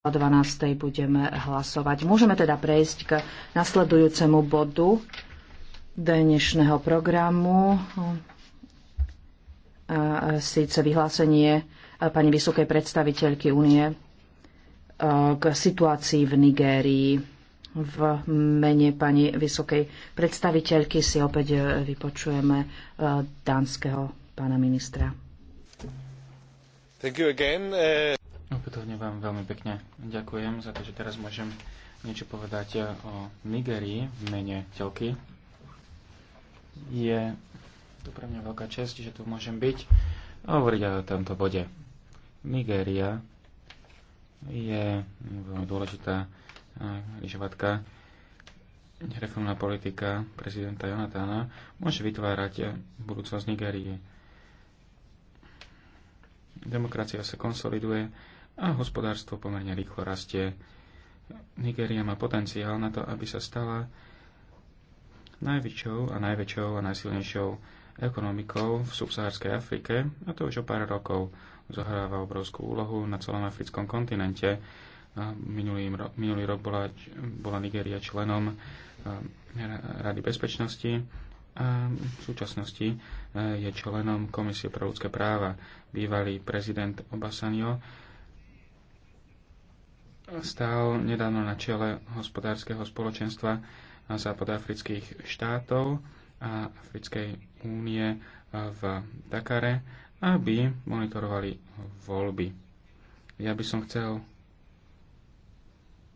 O 12. budeme hlasovať. Môžeme teda prejsť k nasledujúcemu bodu dnešného programu. Sice vyhlásenie pani vysokej predstaviteľky únie e, k situácii v Nigérii. V mene pani vysokej predstaviteľky si opäť e, vypočujeme e, dánskeho pána ministra. Thank you again. Opätovne vám veľmi pekne ďakujem za to, že teraz môžem niečo povedať eh, o Nigerii v mene Telky. Je to pre mňa veľká čest, že tu môžem byť a hovoriť aj o tomto bode. Nigéria je veľmi dôležitá ryžovatka. Eh, Reformná politika prezidenta Jonatána môže vytvárať eh, budúcnosť Nigérie. Demokracia sa konsoliduje a hospodárstvo pomerne rýchlo rastie. Nigéria má potenciál na to, aby sa stala najväčšou a najväčšou a najsilnejšou ekonomikou v subsahárskej Afrike, a to už o pár rokov zohráva obrovskú úlohu na celom africkom kontinente. Minulý, minulý rok bola, bola Nigéria členom um, Rady bezpečnosti a v súčasnosti uh, je členom Komisie pre ľudské práva. Bývalý prezident Obasanio stál nedávno na čele hospodárskeho spoločenstva západoafrických štátov a Africkej únie v Dakare, aby monitorovali voľby. Ja by som chcel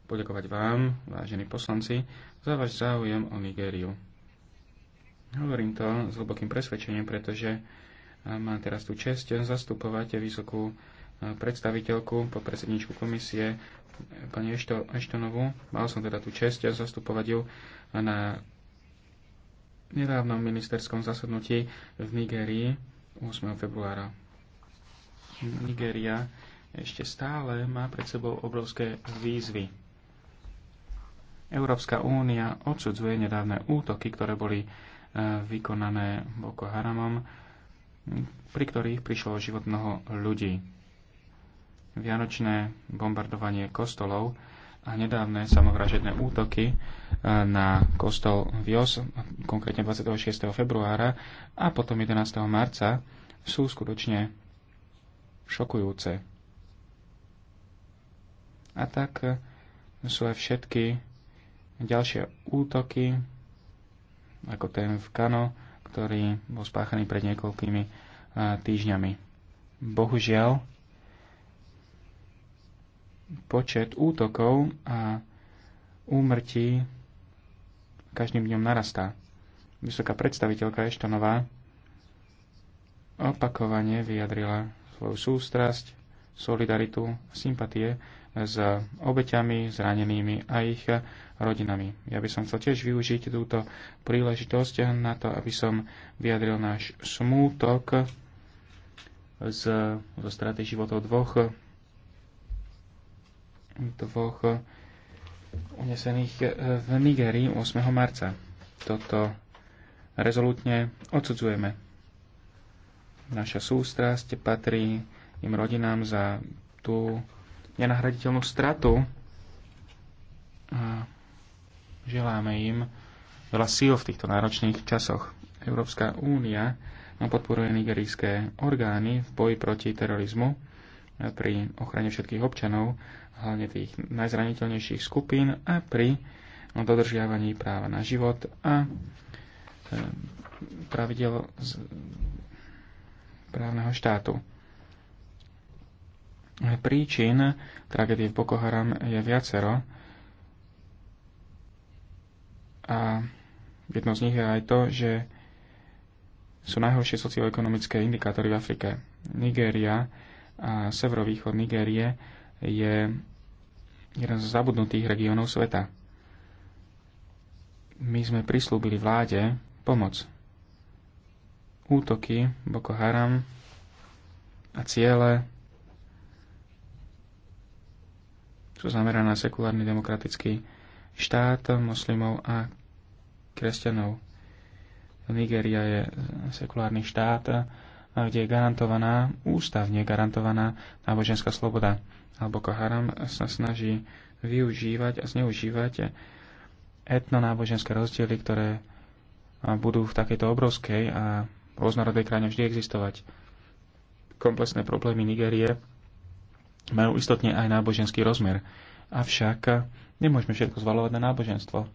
poďakovať vám, vážení poslanci, za váš záujem o Nigériu. Hovorím to s hlbokým presvedčením, pretože mám teraz tú čest zastupovať vysokú predstaviteľku, podpredsedničku komisie pani Ešto, Eštonovú. Mal som teda tú čest zastupovať ju na nedávnom ministerskom zasadnutí v Nigérii 8. februára. Nigéria ešte stále má pred sebou obrovské výzvy. Európska únia odsudzuje nedávne útoky, ktoré boli e, vykonané Boko Haramom, pri ktorých prišlo život mnoho ľudí vianočné bombardovanie kostolov a nedávne samovražedné útoky e, na kostol Vios, konkrétne 26. februára a potom 11. marca, sú skutočne šokujúce. A tak e, sú aj všetky ďalšie útoky, ako ten v Kano, ktorý bol spáchaný pred niekoľkými e, týždňami. Bohužiaľ, počet útokov a úmrtí každým dňom narastá. Vysoká predstaviteľka Eštonová opakovane vyjadrila svoju sústrasť, solidaritu, sympatie s obeťami, zranenými a ich rodinami. Ja by som chcel tiež využiť túto príležitosť na to, aby som vyjadril náš smútok z, zo straty životov dvoch dvoch unesených eh, v Nigerii 8. marca. Toto rezolútne odsudzujeme. Naša sústrasť patrí im rodinám za tú nenahraditeľnú stratu a želáme im veľa síl v týchto náročných časoch. Európska únia podporuje nigerijské orgány v boji proti terorizmu pri ochrane všetkých občanov, hlavne tých najzraniteľnejších skupín a pri dodržiavaní práva na život a e, pravidel z právneho štátu. Príčin tragédie v Boko Haram je viacero a jedno z nich je aj to, že sú najhoršie socioekonomické indikátory v Afrike. Nigéria a severovýchod Nigérie je jeden z zabudnutých regiónov sveta. My sme prislúbili vláde pomoc. Útoky Boko Haram a ciele sú zamerané na sekulárny demokratický štát moslimov a kresťanov. Nigéria je sekulárny štát kde je garantovaná, ústavne garantovaná náboženská sloboda. Alebo Haram sa snaží využívať a zneužívať etnonáboženské rozdiely, ktoré budú v takejto obrovskej a rôznorodej krajine vždy existovať. Komplexné problémy Nigérie majú istotne aj náboženský rozmer. Avšak nemôžeme všetko zvalovať na náboženstvo.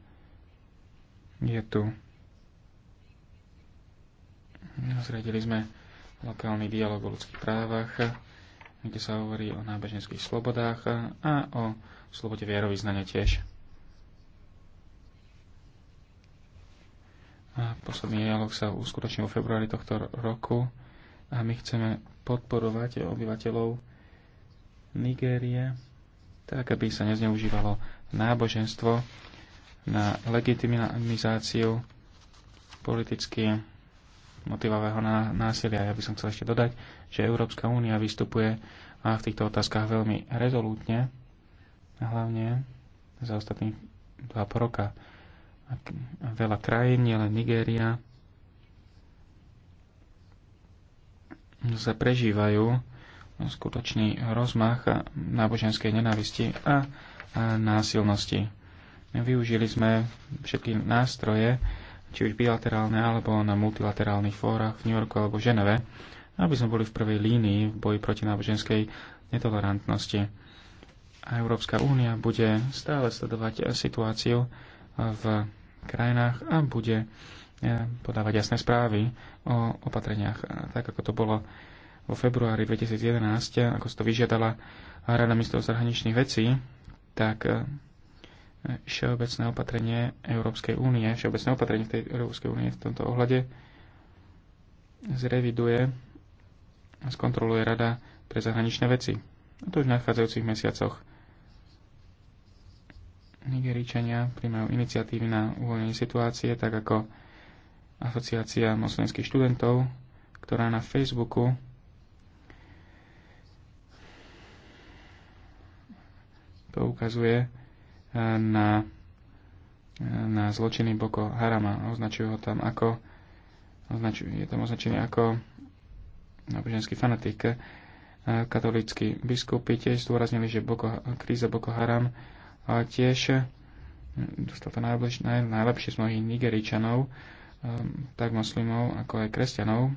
Je tu. Zradili sme lokálny dialog o ľudských právach, kde sa hovorí o nábežnických slobodách a o slobode vierovýznania tiež. A posledný dialog sa uskutočnil v februári tohto roku a my chceme podporovať obyvateľov Nigérie, tak aby sa nezneužívalo náboženstvo na legitimizáciu politicky motivového násilia. Ja by som chcel ešte dodať, že Európska únia vystupuje v týchto otázkach veľmi rezolútne, hlavne za ostatných dva roka. Veľa krajín, nielen Nigéria, sa prežívajú skutočný rozmach náboženskej nenávisti a násilnosti. Využili sme všetky nástroje, či už bilaterálne alebo na multilaterálnych fórach v New Yorku alebo v Ženeve, aby sme boli v prvej línii v boji proti náboženskej netolerantnosti. A Európska únia bude stále sledovať eh, situáciu eh, v krajinách a bude eh, podávať jasné správy o opatreniach, tak ako to bolo vo februári 2011, ako si to vyžiadala Rada ministrov zahraničných vecí, tak všeobecné opatrenie Európskej únie, všeobecné opatrenie tej Európskej únie v tomto ohľade zreviduje a skontroluje Rada pre zahraničné veci. A to už v nadchádzajúcich mesiacoch. Nigeričania príjmajú iniciatívy na uvoľnenie situácie, tak ako asociácia moslimských študentov, ktorá na Facebooku poukazuje na, na zločiny Boko Harama. Označujú ho tam ako označujú, je tam označený ako náboženský fanatik. E, katolícky biskupy tiež zdôraznili, že Boko, kríza Boko Haram a tiež e, dostal to najlepšie, najlepšie z mnohých Nigeričanov, e, tak moslimov, ako aj kresťanov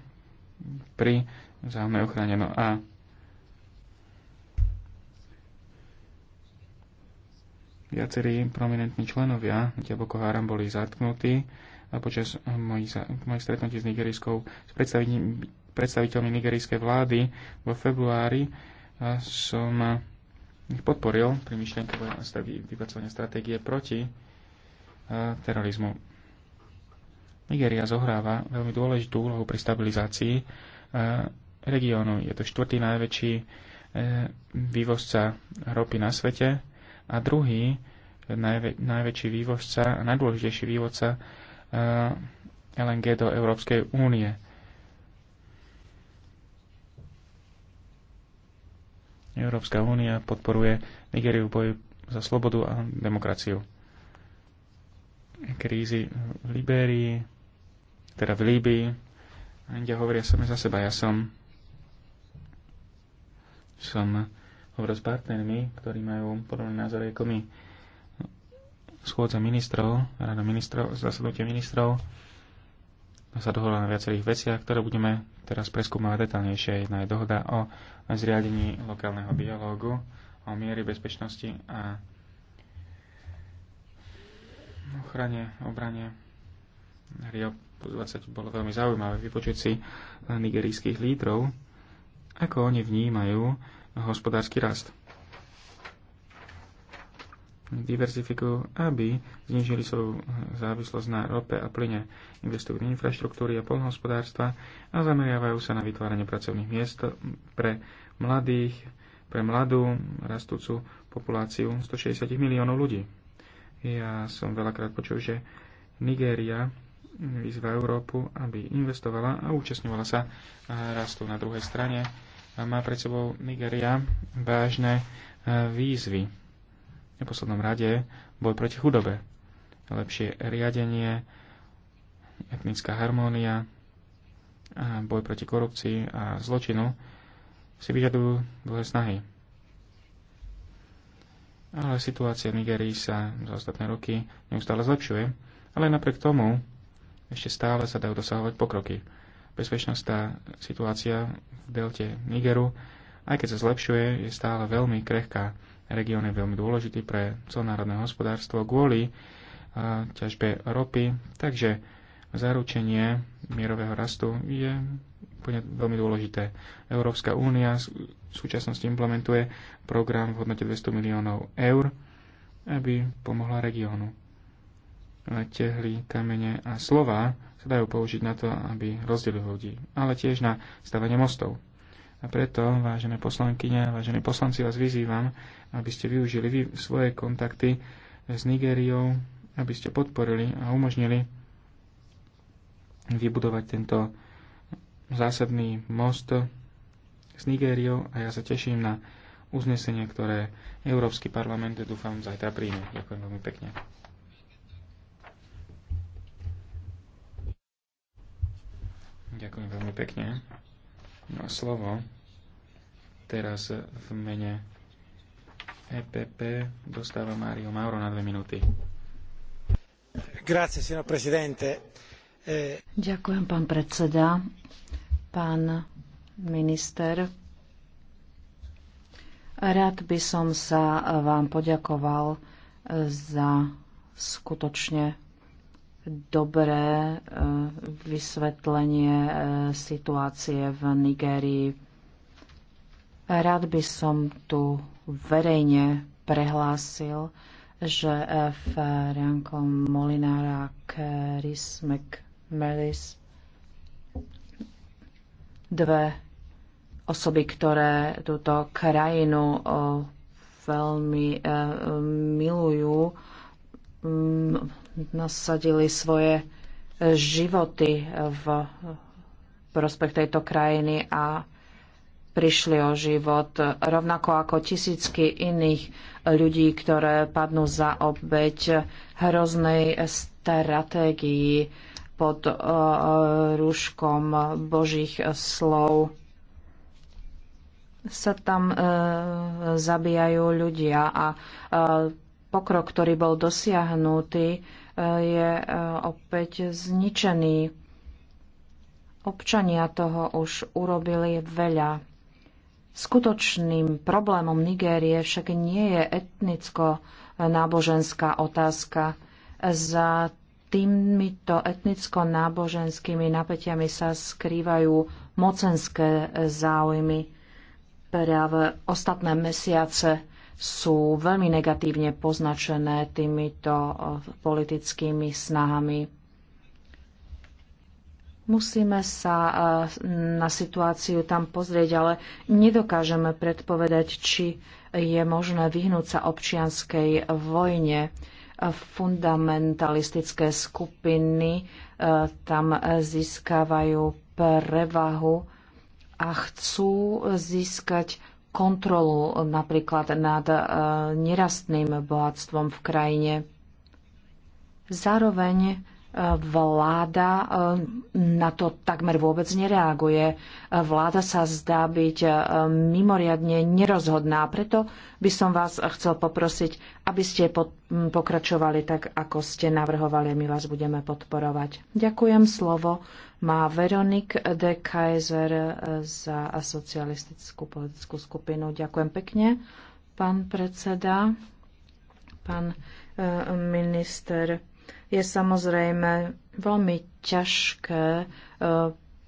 pri vzájomnej ochrane. No a Viacerí prominentní členovia hnutia Boko Haram boli zatknutí a počas mojich, mojich stretnutí s nigerijskou, s predstaviteľmi nigerijskej vlády vo februári som ich podporil pri myšlienke vypracovania stratégie proti terorizmu. Nigeria zohráva veľmi dôležitú úlohu pri stabilizácii regiónu. Je to štvrtý najväčší e, vývozca ropy na svete a druhý najvä, najväčší vývozca a najdôležitejší vývozca eh, LNG do Európskej únie. Európska únia podporuje Nigériu v boji za slobodu a demokraciu. Krízy v Libérii, teda v Líbii, a india hovoria sami za seba. Ja som, som dohovoru s partnermi, ktorí majú podobné názory ako my. Schôdza ministrov, rada ministrov, zasadnutie ministrov no sa dohodla na viacerých veciach, ktoré budeme teraz preskúmať detálnejšie. Jedna je dohoda o zriadení lokálneho dialógu, o miery bezpečnosti a ochrane, obrane. Rio 20 bolo veľmi zaujímavé vypočuť si nigerijských lídrov, ako oni vnímajú hospodársky rast. Diverzifikujú, aby znižili svoju závislosť na rope a plyne, investujú do infraštruktúry a polnohospodárstva a zameriavajú sa na vytváranie pracovných miest pre mladých, pre mladú rastúcu populáciu 160 miliónov ľudí. Ja som veľakrát počul, že Nigéria vyzva Európu, aby investovala a účastňovala sa rastu na druhej strane má pred sebou Nigeria vážne e, výzvy. V neposlednom rade boj proti chudobe, lepšie riadenie, etnická harmónia, boj proti korupcii a zločinu si vyžadujú dlhé snahy. Ale situácia v Nigerii sa za ostatné roky neustále zlepšuje, ale napriek tomu ešte stále sa dajú dosahovať pokroky bezpečnostná situácia v delte Nigeru, aj keď sa zlepšuje, je stále veľmi krehká. Región je veľmi dôležitý pre celonárodné hospodárstvo kvôli ťažbe ropy, takže zaručenie mierového rastu je úplne veľmi dôležité. Európska únia v súčasnosti implementuje program v hodnote 200 miliónov eur, aby pomohla regiónu tehly, kamene a slova sa dajú použiť na to, aby rozdelili ľudí, ale tiež na stavanie mostov. A preto, vážené poslankyne, vážení poslanci, vás vyzývam, aby ste využili vy svoje kontakty s Nigériou, aby ste podporili a umožnili vybudovať tento zásadný most s Nigériou a ja sa teším na uznesenie, ktoré Európsky parlament, dúfam, zajtra príjme. Ďakujem veľmi pekne. Ďakujem veľmi pekne. No slovo teraz v mene EPP dostáva Mário Mauro na dve minúty. Grazie, signor presidente. E- Ďakujem, pán predseda. Pán minister, rád by som sa vám poďakoval za skutočne dobré e, vysvetlenie e, situácie v Nigérii. Rád by som tu verejne prehlásil, že e, Rianko Molinára Keris McMellis dve osoby, ktoré túto krajinu veľmi milujú, nasadili svoje životy v prospech tejto krajiny a prišli o život, rovnako ako tisícky iných ľudí, ktoré padnú za obeď hroznej stratégii pod rúškom božích slov. Sa tam e, zabíjajú ľudia a e, pokrok, ktorý bol dosiahnutý, e, je e, opäť zničený. Občania toho už urobili veľa. Skutočným problémom Nigérie však nie je etnicko-náboženská otázka. Za týmito etnicko-náboženskými napätiami sa skrývajú mocenské záujmy. Práve ostatné mesiace sú veľmi negatívne poznačené týmito e, politickými snahami. Musíme sa e, na situáciu tam pozrieť, ale nedokážeme predpovedať, či je možné vyhnúť sa občianskej vojne. Fundamentalistické skupiny e, tam získavajú prevahu a chcú získať kontrolu eh, napríklad nad eh, nerastným bohatstvom v krajine. Zároveň vláda eh, na to takmer vôbec nereaguje. Vláda sa zdá byť eh, mimoriadne nerozhodná, preto by som vás chcel poprosiť, aby ste hm, pokračovali tak, ako ste navrhovali. My vás budeme podporovať. Ďakujem slovo. Má Veronik de Kaiser eh, za socialistickú politickú skupinu. Ďakujem pekne, pán predseda, pán minister je samozrejme veľmi ťažké eh,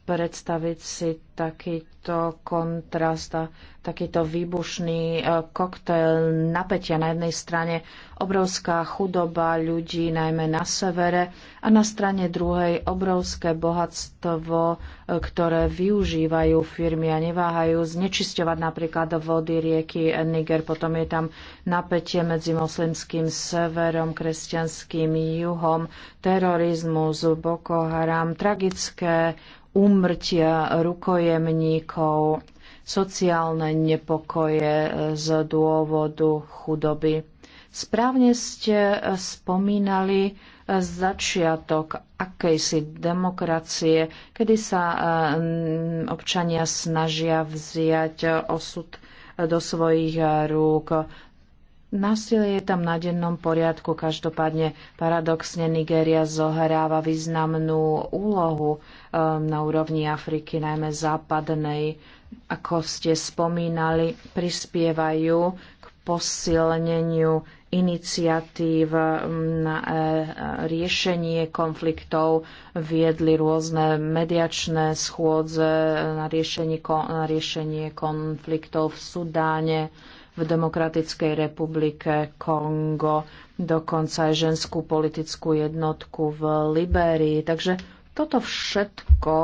predstaviť si takýto kontrast a takýto výbušný e, koktail napätia. Na jednej strane obrovská chudoba ľudí, najmä na severe, a na strane druhej obrovské bohatstvo, e, ktoré využívajú firmy a neváhajú znečisťovať napríklad vody rieky Niger. Potom je tam napätie medzi moslimským severom, kresťanským juhom, terorizmus, Boko Haram, tragické úmrtia rukojemníkov, sociálne nepokoje z dôvodu chudoby. Správne ste spomínali začiatok akejsi demokracie, kedy sa mm, občania snažia vziať osud do svojich rúk. Násilie je tam na dennom poriadku, každopádne paradoxne Nigéria zohráva významnú úlohu um, na úrovni Afriky, najmä západnej. Ako ste spomínali, prispievajú k posilneniu iniciatív um, na e, e, riešenie konfliktov, viedli rôzne mediačné schôdze na riešenie, na riešenie konfliktov v Sudáne v Demokratickej republike Kongo, dokonca aj ženskú politickú jednotku v Libérii. Takže toto všetko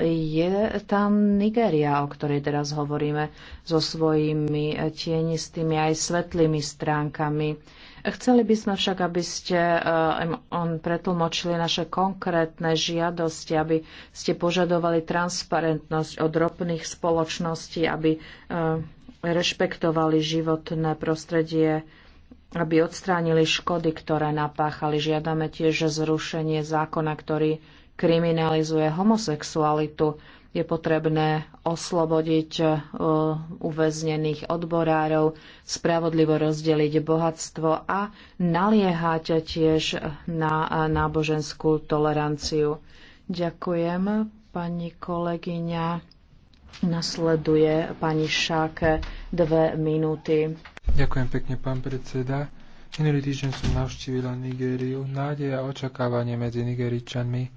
eh, je tam Nigeria, o ktorej teraz hovoríme, so svojimi eh, tienistými aj svetlými stránkami. Chceli by sme však, aby ste eh, on pretlmočili naše konkrétne žiadosti, aby ste požadovali transparentnosť od ropných spoločností, aby rešpektovali životné prostredie, aby odstránili škody, ktoré napáchali. Žiadame tiež zrušenie zákona, ktorý kriminalizuje homosexualitu. Je potrebné oslobodiť e, uväznených odborárov, spravodlivo rozdeliť bohatstvo a naliehať tiež na náboženskú toleranciu. Ďakujem, pani kolegyňa. Nasleduje pani Šáke dve minúty. Ďakujem pekne, pán predseda. Minulý týždeň som navštívila Nigériu. Nádej a očakávanie medzi Nigeričanmi.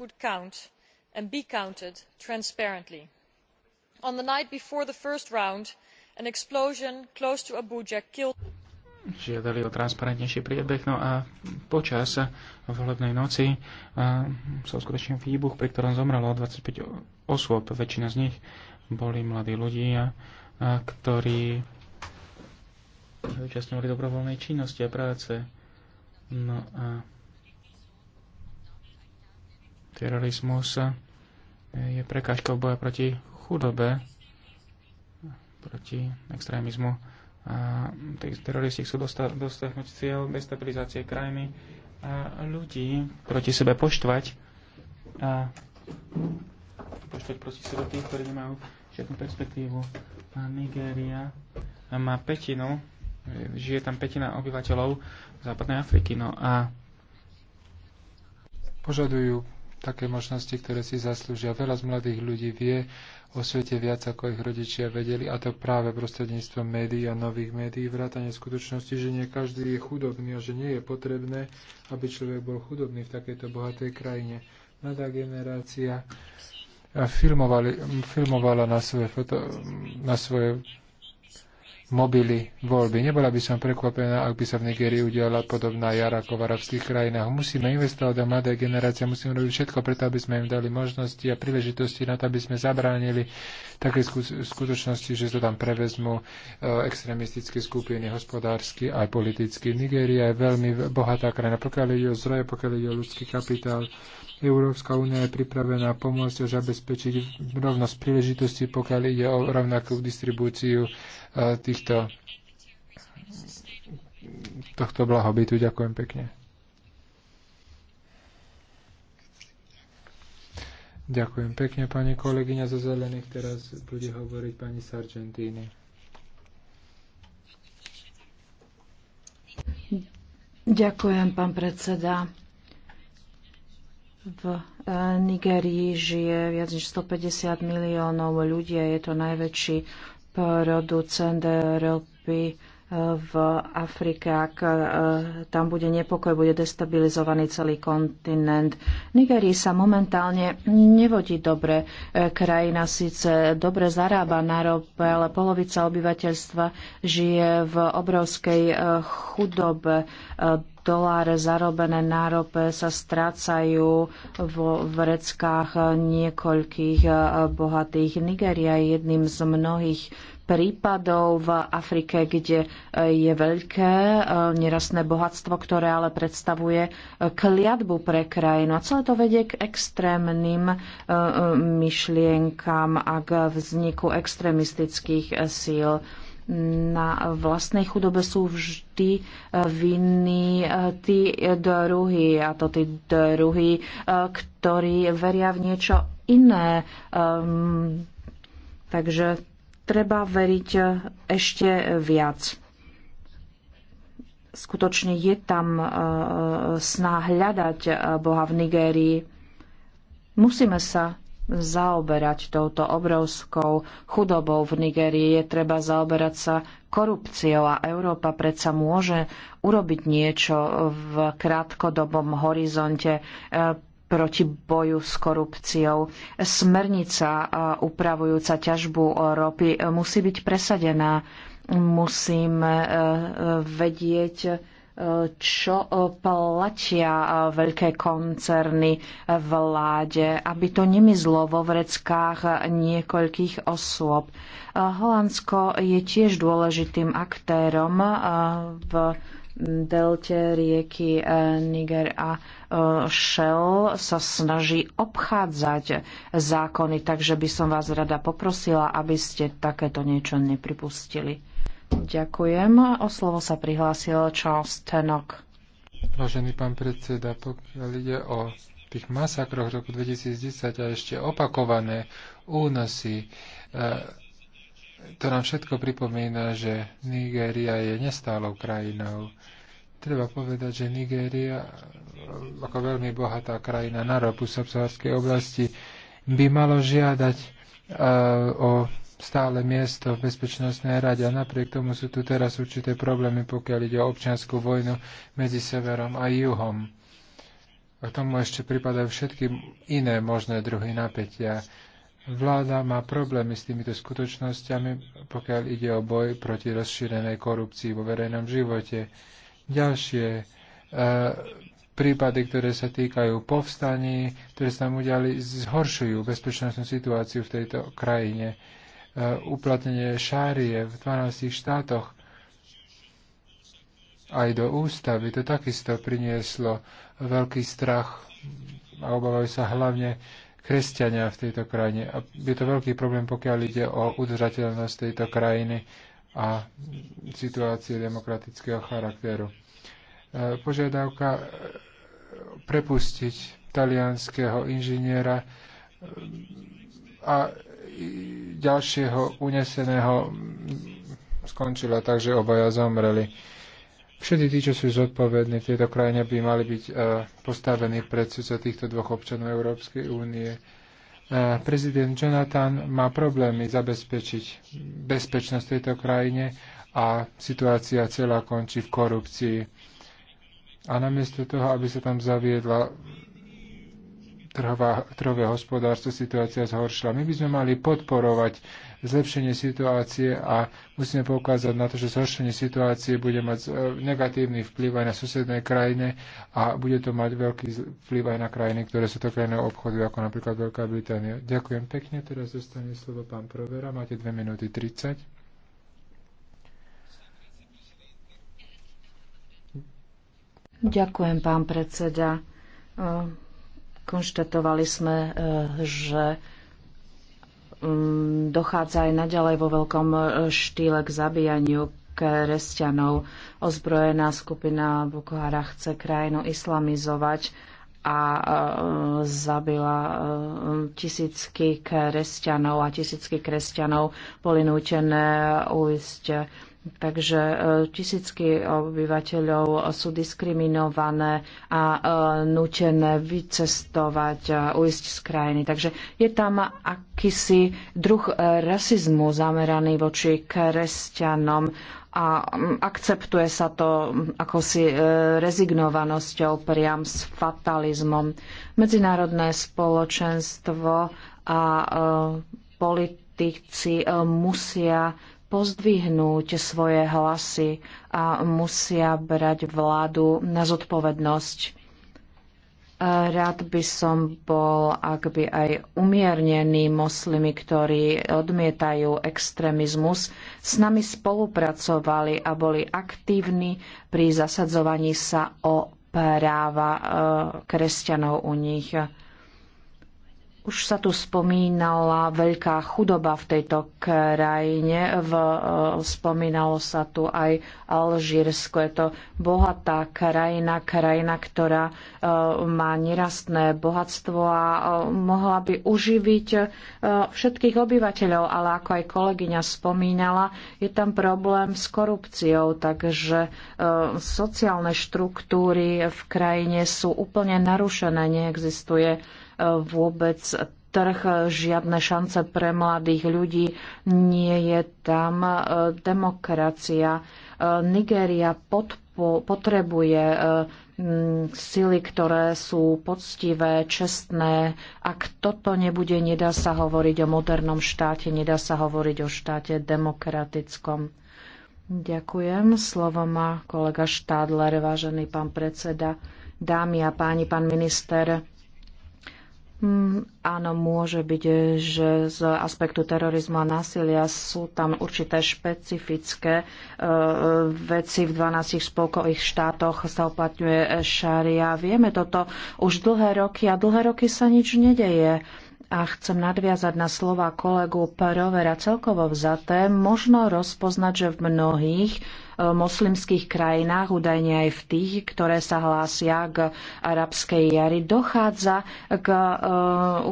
Would count and be counted transparently. On the night before the first round, an explosion close to Abuja killed žiadali o transparentnejší priebeh. No a počas volebnej noci sa skutočne výbuch, pri ktorom zomrelo 25 osôb. Väčšina z nich boli mladí ľudia, ktorí zúčastňovali dobrovoľnej činnosti a práce. No a terorizmus je prekážkou boja proti chudobe, proti extrémizmu a tí teroristi chcú dosiahnuť cieľ destabilizácie krajiny a ľudí proti sebe poštvať a poštvať proti sebe tých, ktorí nemajú žiadnu perspektívu. A Nigéria má petinu, žije tam petina obyvateľov západnej Afriky, no a požadujú také možnosti, ktoré si zaslúžia. Veľa z mladých ľudí vie o svete viac, ako ich rodičia vedeli, a to práve prostredníctvom médií a nových médií, vrátane skutočnosti, že nie každý je chudobný a že nie je potrebné, aby človek bol chudobný v takejto bohatej krajine. Mladá generácia filmovali, filmovala na svoje, foto, na svoje mobily voľby. Nebola by som prekvapená, ak by sa v Nigerii udiala podobná jara ako v arabských krajinách. Musíme investovať do mladé generácie, musíme robiť všetko preto, aby sme im dali možnosti a príležitosti na to, aby sme zabránili také skutočnosti, že sa tam prevezmú e, extremistické skupiny hospodársky aj politicky. Nigéria je veľmi bohatá krajina, pokiaľ ide o zdroje, pokiaľ ide o ľudský kapitál. Európska únia je pripravená pomôcť a zabezpečiť rovnosť príležitosti, pokiaľ ide o rovnakú distribúciu e, tých týchto, tohto blahobytu. Ďakujem pekne. Ďakujem pekne, pani kolegyňa zo Zelených. Teraz bude hovoriť pani Sargentini. Ďakujem, pán predseda. V e, Nigerii žije viac než 150 miliónov ľudí a je to najväčší producent ropy e, v Afrike, ak e, tam bude nepokoj, bude destabilizovaný celý kontinent. Nigerii sa momentálne nevodí dobre. E, krajina síce dobre zarába na rope, ale polovica obyvateľstva žije v obrovskej chudobe doláre zarobené na rope sa strácajú vo vreckách niekoľkých eh, bohatých. Nigeria je jedným z mnohých prípadov v Afrike, kde eh, je veľké eh, nerastné bohatstvo, ktoré ale predstavuje kliatbu pre krajinu. A celé to vedie k extrémnym myšlienkam a k vzniku extrémistických síl na vlastnej chudobe sú vždy e, vinní e, tí druhy, a to tí druhy, e, ktorí veria v niečo iné. Ehm, takže treba veriť ešte viac skutočne je tam snaha hľadať Boha v Nigérii. Musíme sa zaoberať touto obrovskou chudobou v Nigerii, je treba zaoberať sa korupciou a Európa predsa môže urobiť niečo v krátkodobom horizonte eh, proti boju s korupciou. Smernica eh, upravujúca ťažbu ropy eh, musí byť presadená. Musíme vedieť, čo e, platia e, veľké koncerny vláde, aby to nemizlo vo vreckách niekoľkých osôb. E, Holandsko je tiež dôležitým aktérom v delte rieky Niger a Shell sa snaží obchádzať zákony, takže by som vás rada poprosila, aby ste takéto niečo nepripustili. Ďakujem. O slovo sa prihlásil Charles Tenok. Vážený pán predseda, pokiaľ ide o tých masakroch roku 2010 a ešte opakované únosy, e, to nám všetko pripomína, že Nigéria je nestálou krajinou. Treba povedať, že Nigéria, ako veľmi bohatá krajina na ropu subsahárskej oblasti, by malo žiadať e, o stále miesto v Bezpečnostnej rade a napriek tomu sú tu teraz určité problémy, pokiaľ ide o občianskú vojnu medzi severom a juhom. A tomu ešte pripadajú všetky iné možné druhy napätia. Vláda má problémy s týmito skutočnosťami, pokiaľ ide o boj proti rozšírenej korupcii vo verejnom živote. Ďalšie e, prípady, ktoré sa týkajú povstaní, ktoré sa tam udiali, zhoršujú bezpečnostnú situáciu v tejto krajine. E, Eh, uplatnenie šárie v 12 štátoch aj do ústavy. To takisto prinieslo veľký strach a obávajú sa hlavne kresťania v tejto krajine. A je to veľký problém, pokiaľ ide o udržateľnosť tejto krajiny a situácie demokratického charakteru. Eh, požiadavka eh, prepustiť talianského inžiniera a ďalšieho uneseného skončila tak, že obaja zomreli. Všetci tí, čo sú zodpovední v tejto krajine, by mali byť e, postavení pred sudca týchto dvoch občanov Európskej únie. E, prezident Jonathan má problémy zabezpečiť bezpečnosť tejto krajine a situácia celá končí v korupcii. A namiesto toho, aby sa tam zaviedla trhová, trhové hospodárstvo situácia zhoršila. My by sme mali podporovať zlepšenie situácie a musíme poukázať na to, že zhoršenie situácie bude mať e, negatívny vplyv aj na susednej krajine a bude to mať veľký vplyv aj na krajiny, ktoré sú to krajinou obchodu, ako napríklad Veľká Británia. Ďakujem pekne, teraz zostane slovo pán Provera, máte 2 minúty 30. Ďakujem, pán predseda. E, Konštatovali sme, eh, že mm, dochádza aj naďalej vo veľkom eh, štýle k zabíjaniu kresťanov. Ozbrojená skupina Bukhara chce krajinu islamizovať a eh, zabila tisícky kresťanov a tisícky kresťanov boli nútené ujsť. Takže e, tisícky obyvateľov sú diskriminované a e, nutené vycestovať a uísť z krajiny. Takže je tam akýsi druh e, rasizmu zameraný voči kresťanom a akceptuje sa to akosi rezignovanosťou priam s fatalizmom. Medzinárodné spoločenstvo a politici musia pozdvihnúť svoje hlasy a musia brať vládu na zodpovednosť. Rád by som bol, ak by aj umiernení moslimi, ktorí odmietajú extrémizmus, s nami spolupracovali a boli aktívni pri zasadzovaní sa o práva e, kresťanov u nich. Už sa tu spomínala veľká chudoba v tejto krajine. V, e, spomínalo sa tu aj Alžírsko. Je to bohatá krajina, krajina, ktorá e, má nerastné bohatstvo a e, mohla by uživiť všetkých obyvateľov, ale ako aj kolegyňa spomínala, je tam problém s korupciou, takže sociálne štruktúry v krajine sú úplne narušené, neexistuje vôbec trh, žiadne šance pre mladých ľudí, nie je tam e, demokracia. E, Nigéria potrebuje e, sily, ktoré sú poctivé, čestné. Ak toto nebude, nedá sa hovoriť o modernom štáte, nedá sa hovoriť o štáte demokratickom. Ďakujem. Slovo má kolega Štádler, vážený pán predseda, dámy a páni, pán minister. Mm, áno, môže byť, že z aspektu terorizmu a násilia sú tam určité špecifické e, veci. V 12 spolkových štátoch sa uplatňuje šaria. Vieme toto už dlhé roky a dlhé roky sa nič nedeje a chcem nadviazať na slova kolegu Perovera celkovo vzaté, možno rozpoznať, že v mnohých moslimských krajinách, údajne aj v tých, ktoré sa hlásia k arabskej jari, dochádza k e,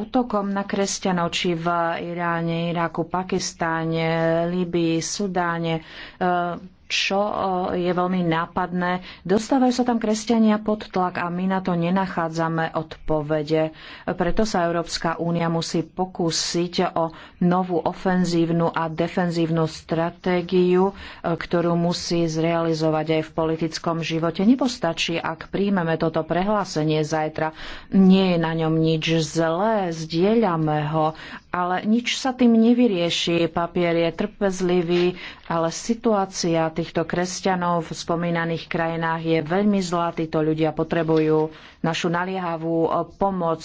útokom na kresťanov, či v Iráne, Iraku, Pakistáne, Libii, Sudáne e, čo e, je veľmi nápadné. Dostávajú sa tam kresťania pod tlak a my na to nenachádzame odpovede. Preto sa Európska únia musí pokúsiť o novú ofenzívnu a defenzívnu stratégiu, e, ktorú musí zrealizovať aj v politickom živote. Nepostačí, ak príjmeme toto prehlásenie zajtra. Nie je na ňom nič zlé, zdieľame ho, ale nič sa tým nevyrieši. Papier je trpezlivý, ale situácia týchto kresťanov v spomínaných krajinách je veľmi zlá. Títo ľudia potrebujú našu naliehavú eh, pomoc,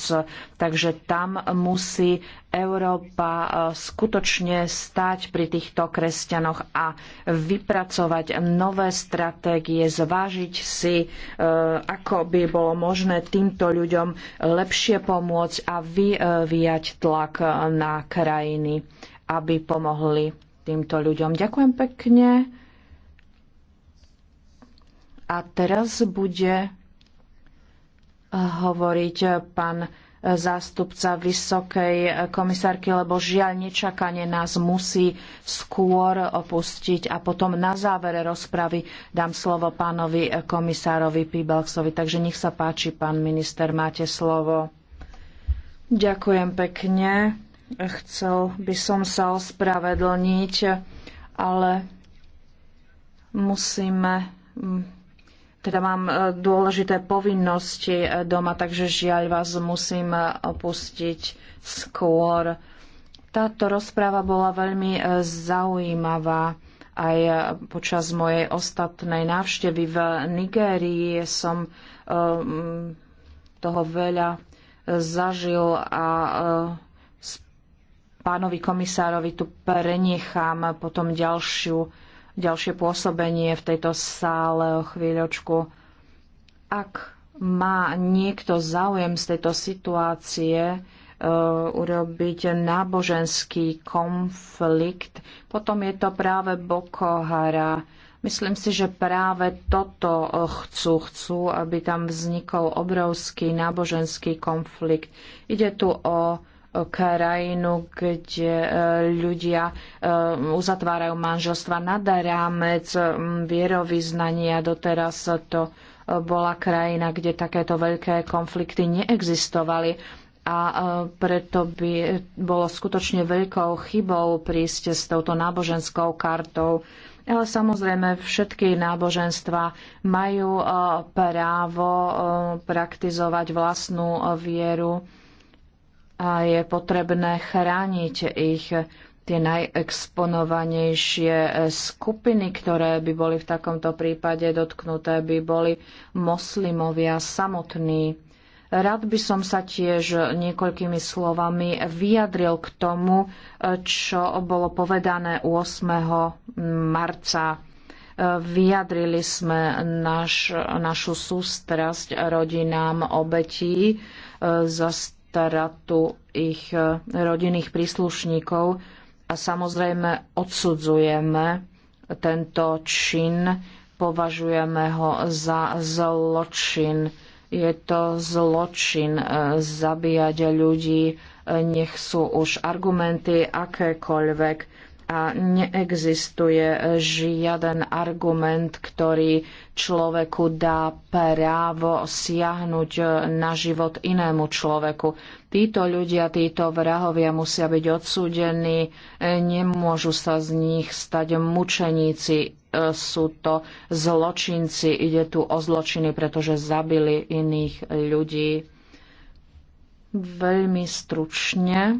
takže tam musí Európa e, skutočne stať pri týchto kresťanoch a vypracovať nové stratégie, zvážiť si, e, ako by bolo možné týmto ľuďom lepšie pomôcť a vyvíjať tlak na krajiny, aby pomohli týmto ľuďom. Ďakujem pekne. A teraz bude hovoriť pán zástupca vysokej komisárky, lebo žiaľ nečakanie nás musí skôr opustiť a potom na závere rozpravy dám slovo pánovi komisárovi Pibelksovi. Takže nech sa páči, pán minister, máte slovo. Ďakujem pekne. Chcel by som sa ospravedlniť, ale musíme teda mám e, dôležité povinnosti e, doma, takže žiaľ vás musím e, opustiť skôr. Táto rozpráva bola veľmi zaujímavá. Aj počas mojej ostatnej návštevy v Nigérii som toho veľa zažil a pánovi komisárovi tu prenechám potom ďalšiu ďalšie pôsobenie v tejto sále o chvíľočku. Ak má niekto záujem z tejto situácie, e, urobiť náboženský konflikt. Potom je to práve Boko Hara. Myslím si, že práve toto e, chcú. Chcú, aby tam vznikol obrovský náboženský konflikt. Ide tu o krajinu, kde e, ľudia e, uzatvárajú manželstva nad rámec vierovýznania. Doteraz to e, bola krajina, kde takéto veľké konflikty neexistovali a preto by bolo skutočne veľkou chybou prísť s touto náboženskou kartou. Ale samozrejme všetky náboženstva majú právo praktizovať vlastnú vieru a je potrebné chrániť ich tie najexponovanejšie eh, skupiny, ktoré by boli v takomto prípade dotknuté, by boli moslimovia samotní. Rád by som sa tiež niekoľkými slovami vyjadril k tomu, eh, čo bolo povedané 8. marca. Eh, vyjadrili sme naš, našu sústrasť rodinám obetí. Zast- stratu ich e, rodinných príslušníkov a samozrejme odsudzujeme tento čin, považujeme ho za zločin. Je to zločin e, zabíjať ľudí, e, nech sú už argumenty akékoľvek a neexistuje žiaden argument, ktorý človeku dá právo siahnuť na život inému človeku. Títo ľudia, títo vrahovia musia byť odsúdení, nemôžu sa z nich stať mučeníci, e, sú to zločinci, ide tu o zločiny, pretože zabili iných ľudí. Veľmi stručne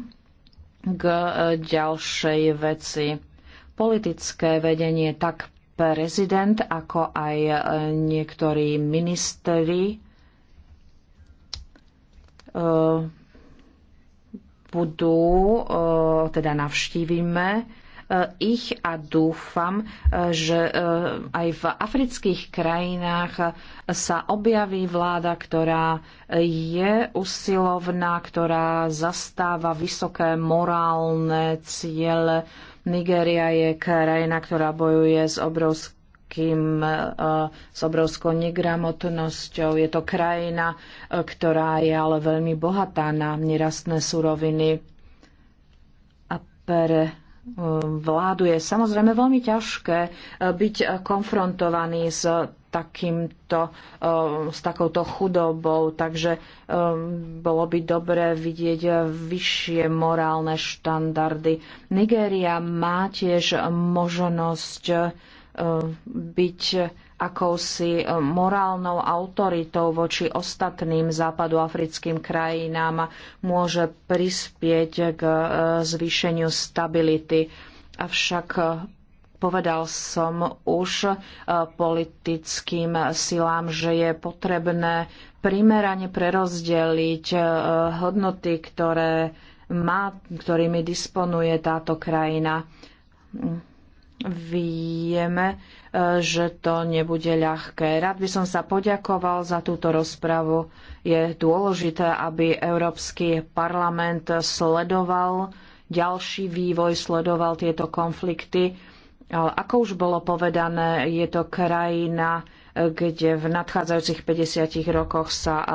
k e, ďalšej veci. Politické vedenie tak prezident, ako aj e, niektorí ministri e, budú, teda navštívime Eh, ich a dúfam, eh, že eh, aj v afrických krajinách sa objaví vláda, ktorá je usilovná, ktorá zastáva vysoké morálne ciele. Nigéria je krajina, ktorá bojuje s obrovským kým s obrovskou negramotnosťou. Je to krajina, ktorá je ale veľmi bohatá na nerastné suroviny. A pre vládu je samozrejme veľmi ťažké eh, byť eh, konfrontovaný s takýmto, eh, s takouto chudobou, takže bolo by dobré vidieť vyššie morálne štandardy. Nigéria má tiež možnosť byť akousi morálnou autoritou voči ostatným západoafrickým krajinám a môže prispieť k e, zvýšeniu stability. Avšak e, povedal som už e, politickým silám, že je potrebné primerane prerozdeliť hodnoty, ktoré má, ktorými disponuje táto krajina Vieme, e, že to nebude ľahké. Rád by som sa poďakoval za túto rozpravu. Je dôležité, aby Európsky parlament sledoval ďalší vývoj, sledoval tieto konflikty. Ale ako už bolo povedané, je to krajina, kde v nadchádzajúcich 50 rokoch sa e,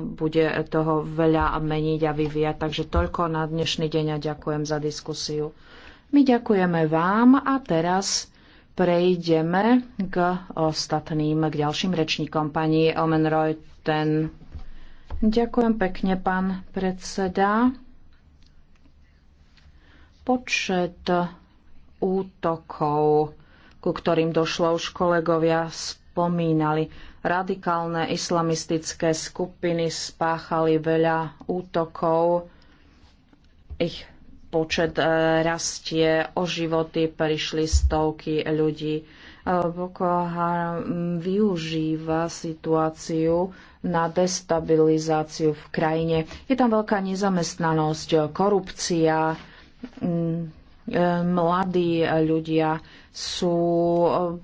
bude toho veľa meniť a vyvíjať. Takže toľko na dnešný deň a ďakujem za diskusiu. My ďakujeme vám a teraz prejdeme k ostatným, k ďalším rečníkom. Pani ten. Ďakujem pekne, pán predseda. Počet útokov, ku ktorým došlo už kolegovia spomínali. Radikálne islamistické skupiny spáchali veľa útokov. Ich počet e, rastie, o životy prišli stovky ľudí. E, Boko Haram využíva situáciu na destabilizáciu v krajine. Je tam veľká nezamestnanosť, korupcia, mm, e, mladí ľudia sú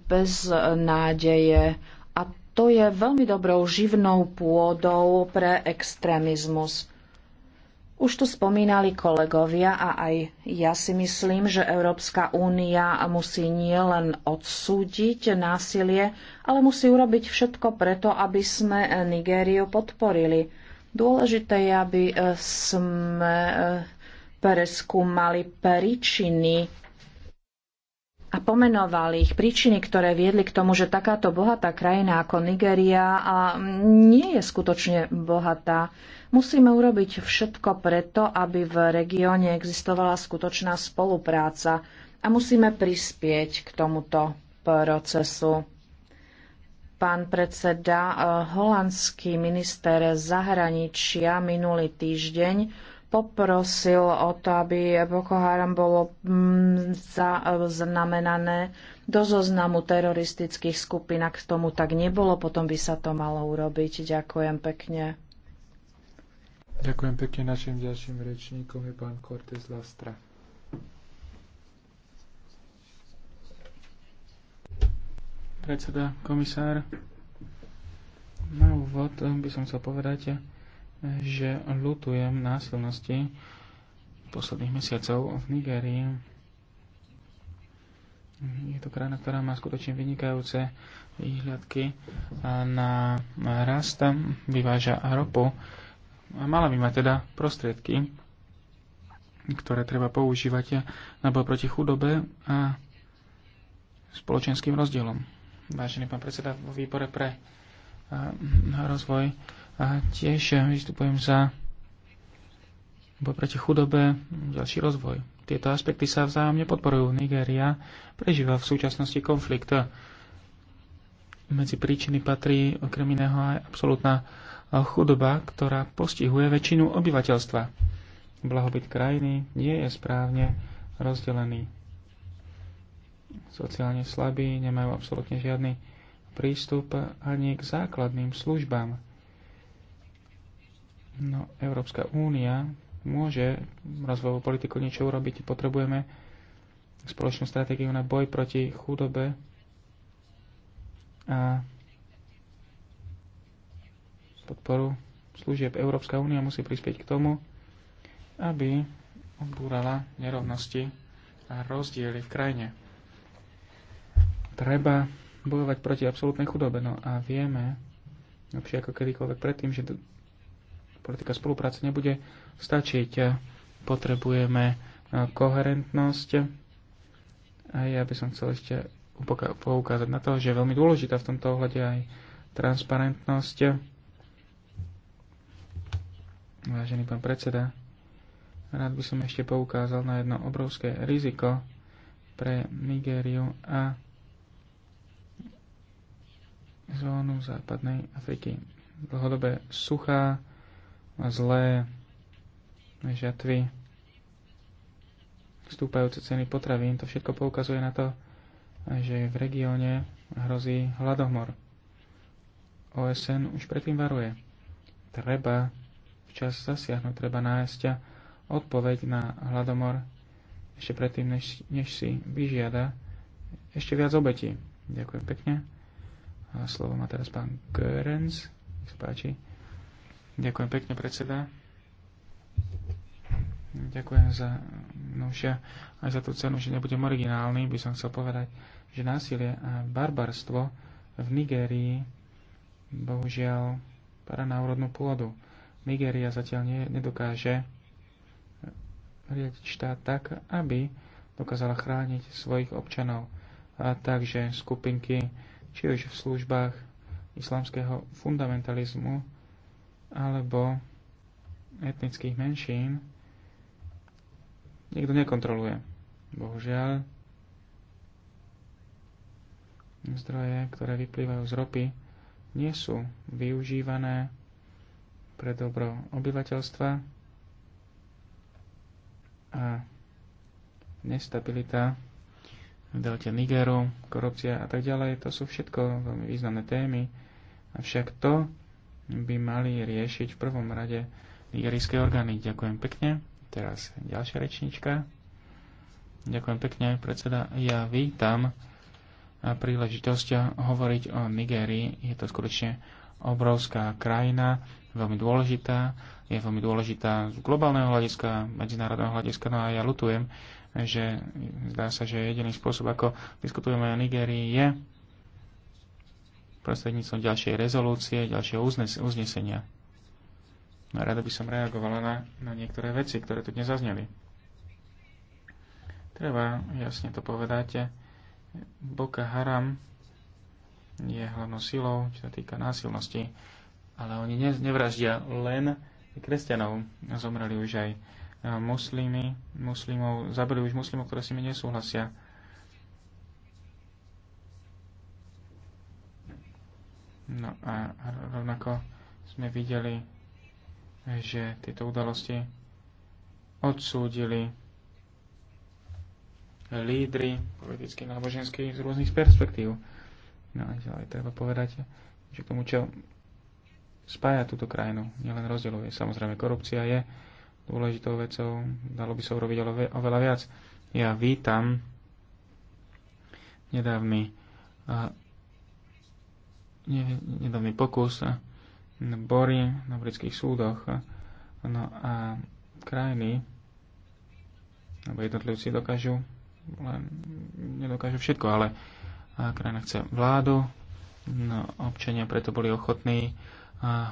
bez nádeje a to je veľmi dobrou živnou pôdou pre extrémizmus. Už tu spomínali kolegovia a aj ja si myslím, že Európska únia musí nielen odsúdiť násilie, ale musí urobiť všetko preto, aby sme Nigériu podporili. Dôležité je, aby sme eh, preskúmali príčiny a pomenoval ich príčiny, ktoré viedli k tomu, že takáto bohatá krajina ako Nigeria nie je skutočne bohatá. Musíme urobiť všetko preto, aby v regióne existovala skutočná spolupráca a musíme prispieť k tomuto procesu. Pán predseda, eh, holandský minister zahraničia minulý týždeň poprosil o to, aby Boko Haram bolo mm, zaznamenané do zoznamu teroristických skupín. Ak tomu tak nebolo, potom by sa to malo urobiť. Ďakujem pekne. Ďakujem pekne našim ďalším rečníkom je pán Cortez Lastra. Predseda, komisár, na úvod by som chcel povedať, že ľutujem násilnosti posledných mesiacov v Nigérii. Je to krajina, ktorá má skutočne vynikajúce výhľadky na rast, vyváža ropu a mala by mať teda prostriedky, ktoré treba používať na boj proti chudobe a spoločenským rozdielom. Vážený pán predseda, vo výbore pre rozvoj a tiež eh, vystupujem za boj proti chudobe, ďalší rozvoj. Tieto aspekty sa vzájomne podporujú. Nigéria prežíva v súčasnosti konflikt. Medzi príčiny patrí okrem iného aj absolútna chudoba, ktorá postihuje väčšinu obyvateľstva. Blahobyt krajiny nie je správne rozdelený. Sociálne slabí nemajú absolútne žiadny prístup ani k základným službám. No, Európska únia môže rozvojovú politiku niečo urobiť. Potrebujeme spoločnú stratégiu na boj proti chudobe a podporu služieb. Európska únia musí prispieť k tomu, aby obúrala nerovnosti a rozdiely v krajine. Treba bojovať proti absolútnej chudobe. No a vieme, lepšie ako kedykoľvek predtým, že politika spolupráce nebude stačiť. Potrebujeme eh, koherentnosť. A ja by som chcel ešte poukázať na to, že je veľmi dôležitá v tomto ohľade aj transparentnosť. Vážený pán predseda, rád by som ešte poukázal na jedno obrovské riziko pre Nigériu a zónu západnej Afriky. Dlhodobé suchá zlé žatvy, Vstúpajúce ceny potravín, to všetko poukazuje na to, že v regióne hrozí hladomor. OSN už predtým varuje. Treba včas zasiahnuť, treba nájsť odpoveď na hladomor ešte predtým, než, než si vyžiada ešte viac obetí. Ďakujem pekne. A slovo má teraz pán Görens. Nech sa páči. Ďakujem pekne, predseda. Ďakujem za, no že, aj za tú cenu, že nebudem originálny, by som chcel povedať, že násilie a barbarstvo v Nigérii bohužiaľ para na úrodnú pôdu. Nigéria zatiaľ nie, nedokáže riadiť štát tak, aby dokázala chrániť svojich občanov. A takže skupinky, či už v službách islamského fundamentalizmu, alebo etnických menšín nikto nekontroluje. Bohužiaľ, zdroje, ktoré vyplývajú z ropy, nie sú využívané pre dobro obyvateľstva a nestabilita v delte Nigeru, korupcia a tak ďalej, to sú všetko veľmi významné témy, avšak to, by mali riešiť v prvom rade nigerijské orgány. Ďakujem pekne. Teraz ďalšia rečnička. Ďakujem pekne, predseda. Ja vítam príležitosť hovoriť o Nigérii. Je to skutočne obrovská krajina, veľmi dôležitá. Je veľmi dôležitá z globálneho hľadiska, medzinárodného hľadiska. No a ja lutujem, že zdá sa, že jediný spôsob, ako diskutujeme o Nigérii, je prostredníctvom ďalšej rezolúcie, ďalšieho uznesenia. No, rada by som reagovala na, na niektoré veci, ktoré tu dnes zazneli. Treba jasne to povedať. Boka Haram je hlavnou silou, čo sa týka násilnosti, ale oni ne, nevraždia len kresťanov. Zomreli už aj eh, muslimy, muslimov, zabili už muslimov, ktoré s nimi nesúhlasia No a rovnako sme videli, že tieto udalosti odsúdili lídry politických náboženských z rôznych perspektív. No a ďalej treba povedať, že k tomu, čo spája túto krajinu, nielen rozdieluje. Samozrejme, korupcia je dôležitou vecou, dalo by sa so urobiť oveľa viac. Ja vítam nedávny nedávny pokus na bory na britských súdoch. No a krajiny alebo jednotlivci dokážu len nedokážu všetko, ale krajina chce vládu, no, občania preto boli ochotní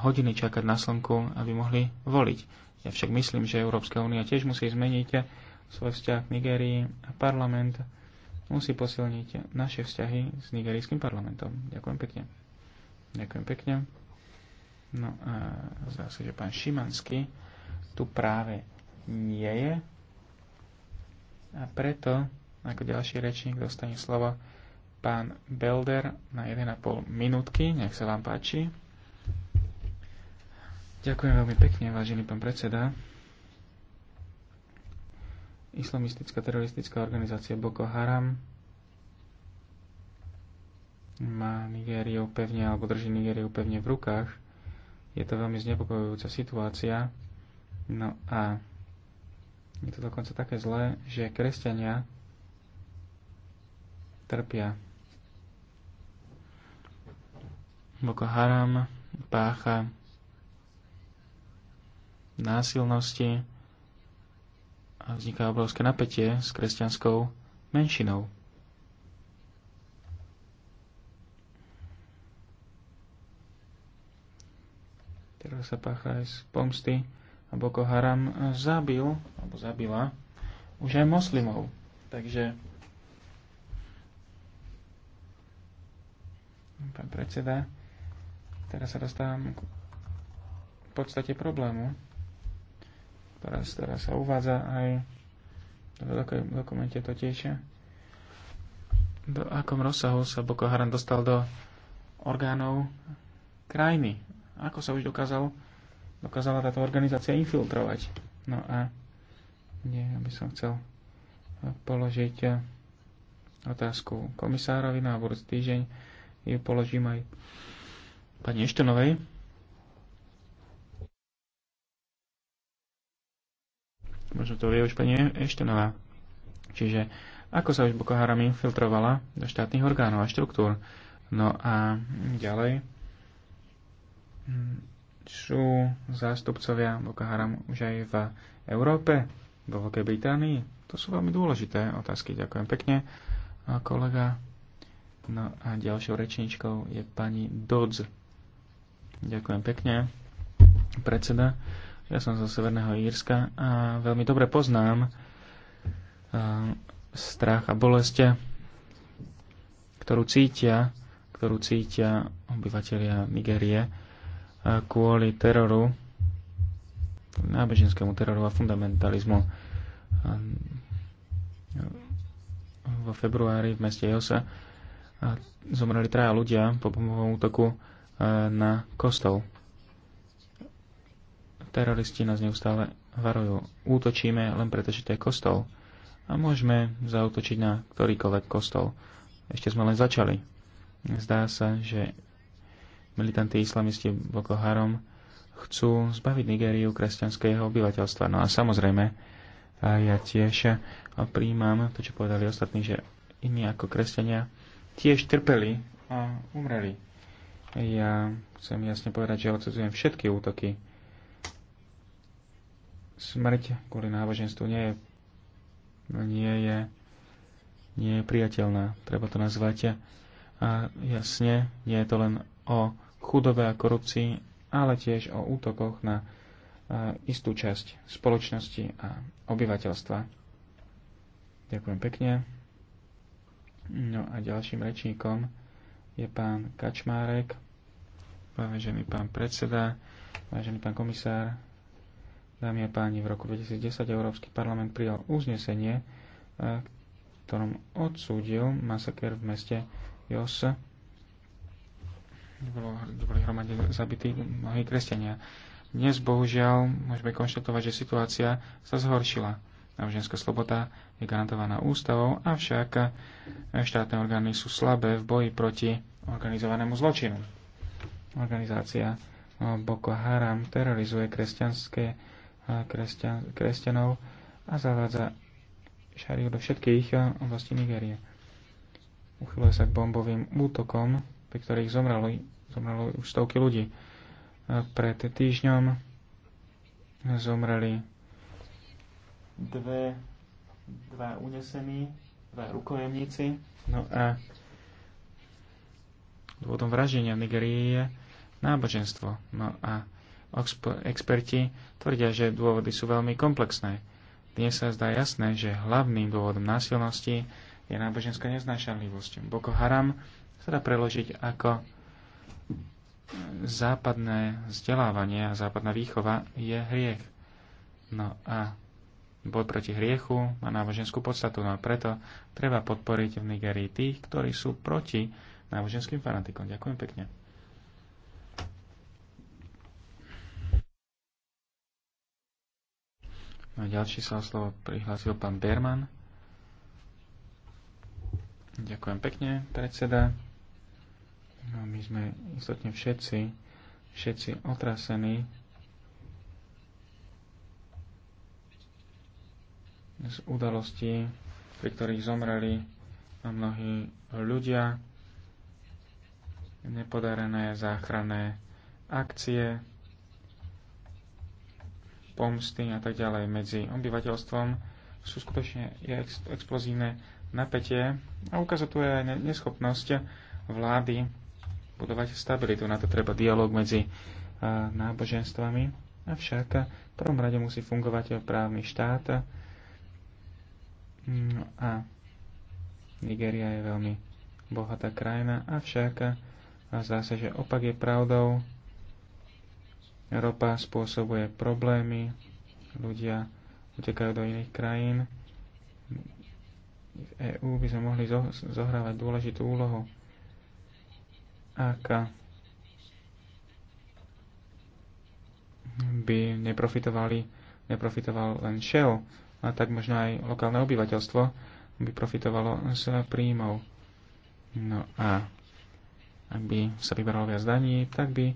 hodiny čakať na slnku, aby mohli voliť. Ja však myslím, že Európska únia tiež musí zmeniť svoj vzťah k Nigérii a parlament musí posilniť naše vzťahy s nigerijským parlamentom. Ďakujem pekne. Ďakujem pekne. No a zdá sa, že pán Šimanský tu práve nie je. A preto, ako ďalší rečník, dostane slovo pán Belder na 1,5 minútky. Nech sa vám páči. Ďakujem veľmi pekne, vážený pán predseda. Islamistická teroristická organizácia Boko Haram má Nigériu pevne alebo drží Nigériu pevne v rukách. Je to veľmi znepokojujúca situácia. No a je to dokonca také zlé, že kresťania trpia. Boko Haram pácha násilnosti a vzniká obrovské napätie s kresťanskou menšinou. ktorá sa pácha aj z pomsty a Boko Haram zabil, alebo zabila už aj moslimov. Takže pán predseda, teraz sa dostávam k podstate problému, ktorá, ktorá sa uvádza aj v dokumente tiež Do akom rozsahu sa Boko Haram dostal do orgánov krajiny ako sa už dokázal, dokázala táto organizácia infiltrovať. No a nie, aby som chcel položiť eh, otázku komisárovi na budúci týždeň. Ju položím aj pani Eštonovej. Možno to vie už pani Eštonová. Čiže ako sa už Boko Haram infiltrovala do štátnych orgánov a štruktúr. No a ďalej sú zástupcovia Boko Haram už aj v Európe, vo Veľkej Británii? To sú veľmi dôležité otázky. Ďakujem pekne, kolega. No a ďalšou rečníčkou je pani Dodz. Ďakujem pekne, predseda. Ja som zo Severného Írska a veľmi dobre poznám strach a boleste, ktorú cítia, ktorú cítia obyvateľia Nigérie kvôli teroru, nábeženskému teroru a fundamentalizmu. Vo februári v meste Josa zomreli traja ľudia po bombovom útoku na kostol. Teroristi nás neustále varujú. Útočíme len preto, že to je kostol. A môžeme zautočiť na ktorýkoľvek kostol. Ešte sme len začali. Zdá sa, že militanti islamisti Boko Haram chcú zbaviť Nigériu kresťanského obyvateľstva. No a samozrejme, a ja tiež príjmam to, čo povedali ostatní, že iní ako kresťania tiež trpeli a umreli. Ja chcem jasne povedať, že odsudzujem všetky útoky. Smrť kvôli náboženstvu nie je, nie je, nie je priateľná. Treba to nazvať a jasne, nie je to len o chudobe a korupcii, ale tiež o útokoch na e, istú časť spoločnosti a obyvateľstva. Ďakujem pekne. No a ďalším rečníkom je pán Kačmárek, vážený pán predseda, vážený pán komisár, dámy a páni, v roku 2010 Európsky parlament prijal uznesenie, e, ktorom odsúdil masaker v meste Jos bolo, boli hromadne zabití mnohí kresťania. Dnes, bohužiaľ, môžeme konštatovať, že situácia sa zhoršila. Náboženská sloboda je garantovaná ústavou, avšak štátne orgány sú slabé v boji proti organizovanému zločinu. Organizácia no, Boko Haram terorizuje kresťanské, kresťan, kresťanov a zavádza šariu do všetkých oblastí Nigérie. Uchyluje sa k bombovým útokom, pri ktorých zomreli zomrelo už stovky ľudí. Pred týždňom zomreli dve, dva unesení, dva rukojemníci. No a dôvodom vraždenia v Nigerii je náboženstvo. No a experti tvrdia, že dôvody sú veľmi komplexné. Dnes sa zdá jasné, že hlavným dôvodom násilnosti je náboženská neznášanlivosť. Boko Haram sa dá preložiť ako západné vzdelávanie a západná výchova je hriech. No a boj proti hriechu má náboženskú podstatu, no a preto treba podporiť v Nigerii tých, ktorí sú proti náboženským fanatikom. Ďakujem pekne. No a ďalší sa o slovo prihlásil pán Berman. Ďakujem pekne, predseda. No, my sme istotne všetci, všetci otrasení z udalostí, pri ktorých zomreli mnohí ľudia, nepodarené záchranné akcie, pomsty a tak ďalej medzi obyvateľstvom sú skutočne ex- explozívne napätie a ukazuje aj neschopnosť vlády budovať stabilitu. Na to treba dialog medzi e, náboženstvami. Avšak v prvom rade musí fungovať právny štát mm, a Nigeria je veľmi bohatá krajina, avšak e, zdá sa, že opak je pravdou. Ropa spôsobuje problémy, ľudia utekajú do iných krajín. V EÚ by sme mohli zohrávať dôležitú úlohu ak by neprofitovali, neprofitoval len Shell, a tak možno aj lokálne obyvateľstvo by profitovalo z príjmov. No a ak by sa vyberalo viac daní, tak by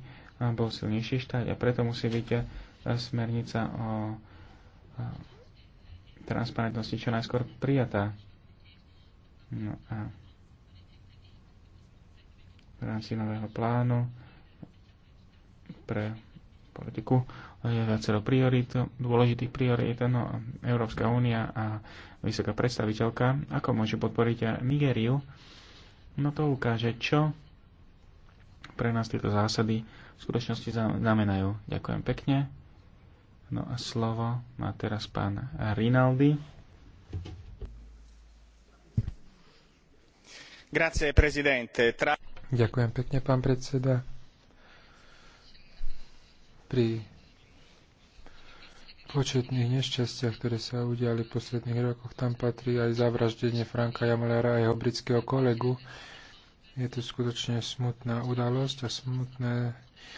bol silnejší štát a preto musí byť smernica o transparentnosti čo najskôr prijatá. No a v rámci nového plánu pre politiku je viacero priorít, dôležitých priorít. No, Európska únia a vysoká predstaviteľka, ako môže podporiť Nigériu, no to ukáže, čo pre nás tieto zásady v skutočnosti znamenajú. Ďakujem pekne. No a slovo má teraz pán Rinaldi. Grazie, presidente. Tra... Ďakujem pekne, pán predseda. Pri početných nešťastiach, ktoré sa udiali v posledných rokoch, tam patrí aj zavraždenie Franka Jamlera a jeho britského kolegu. Je to skutočne smutná udalosť a smutné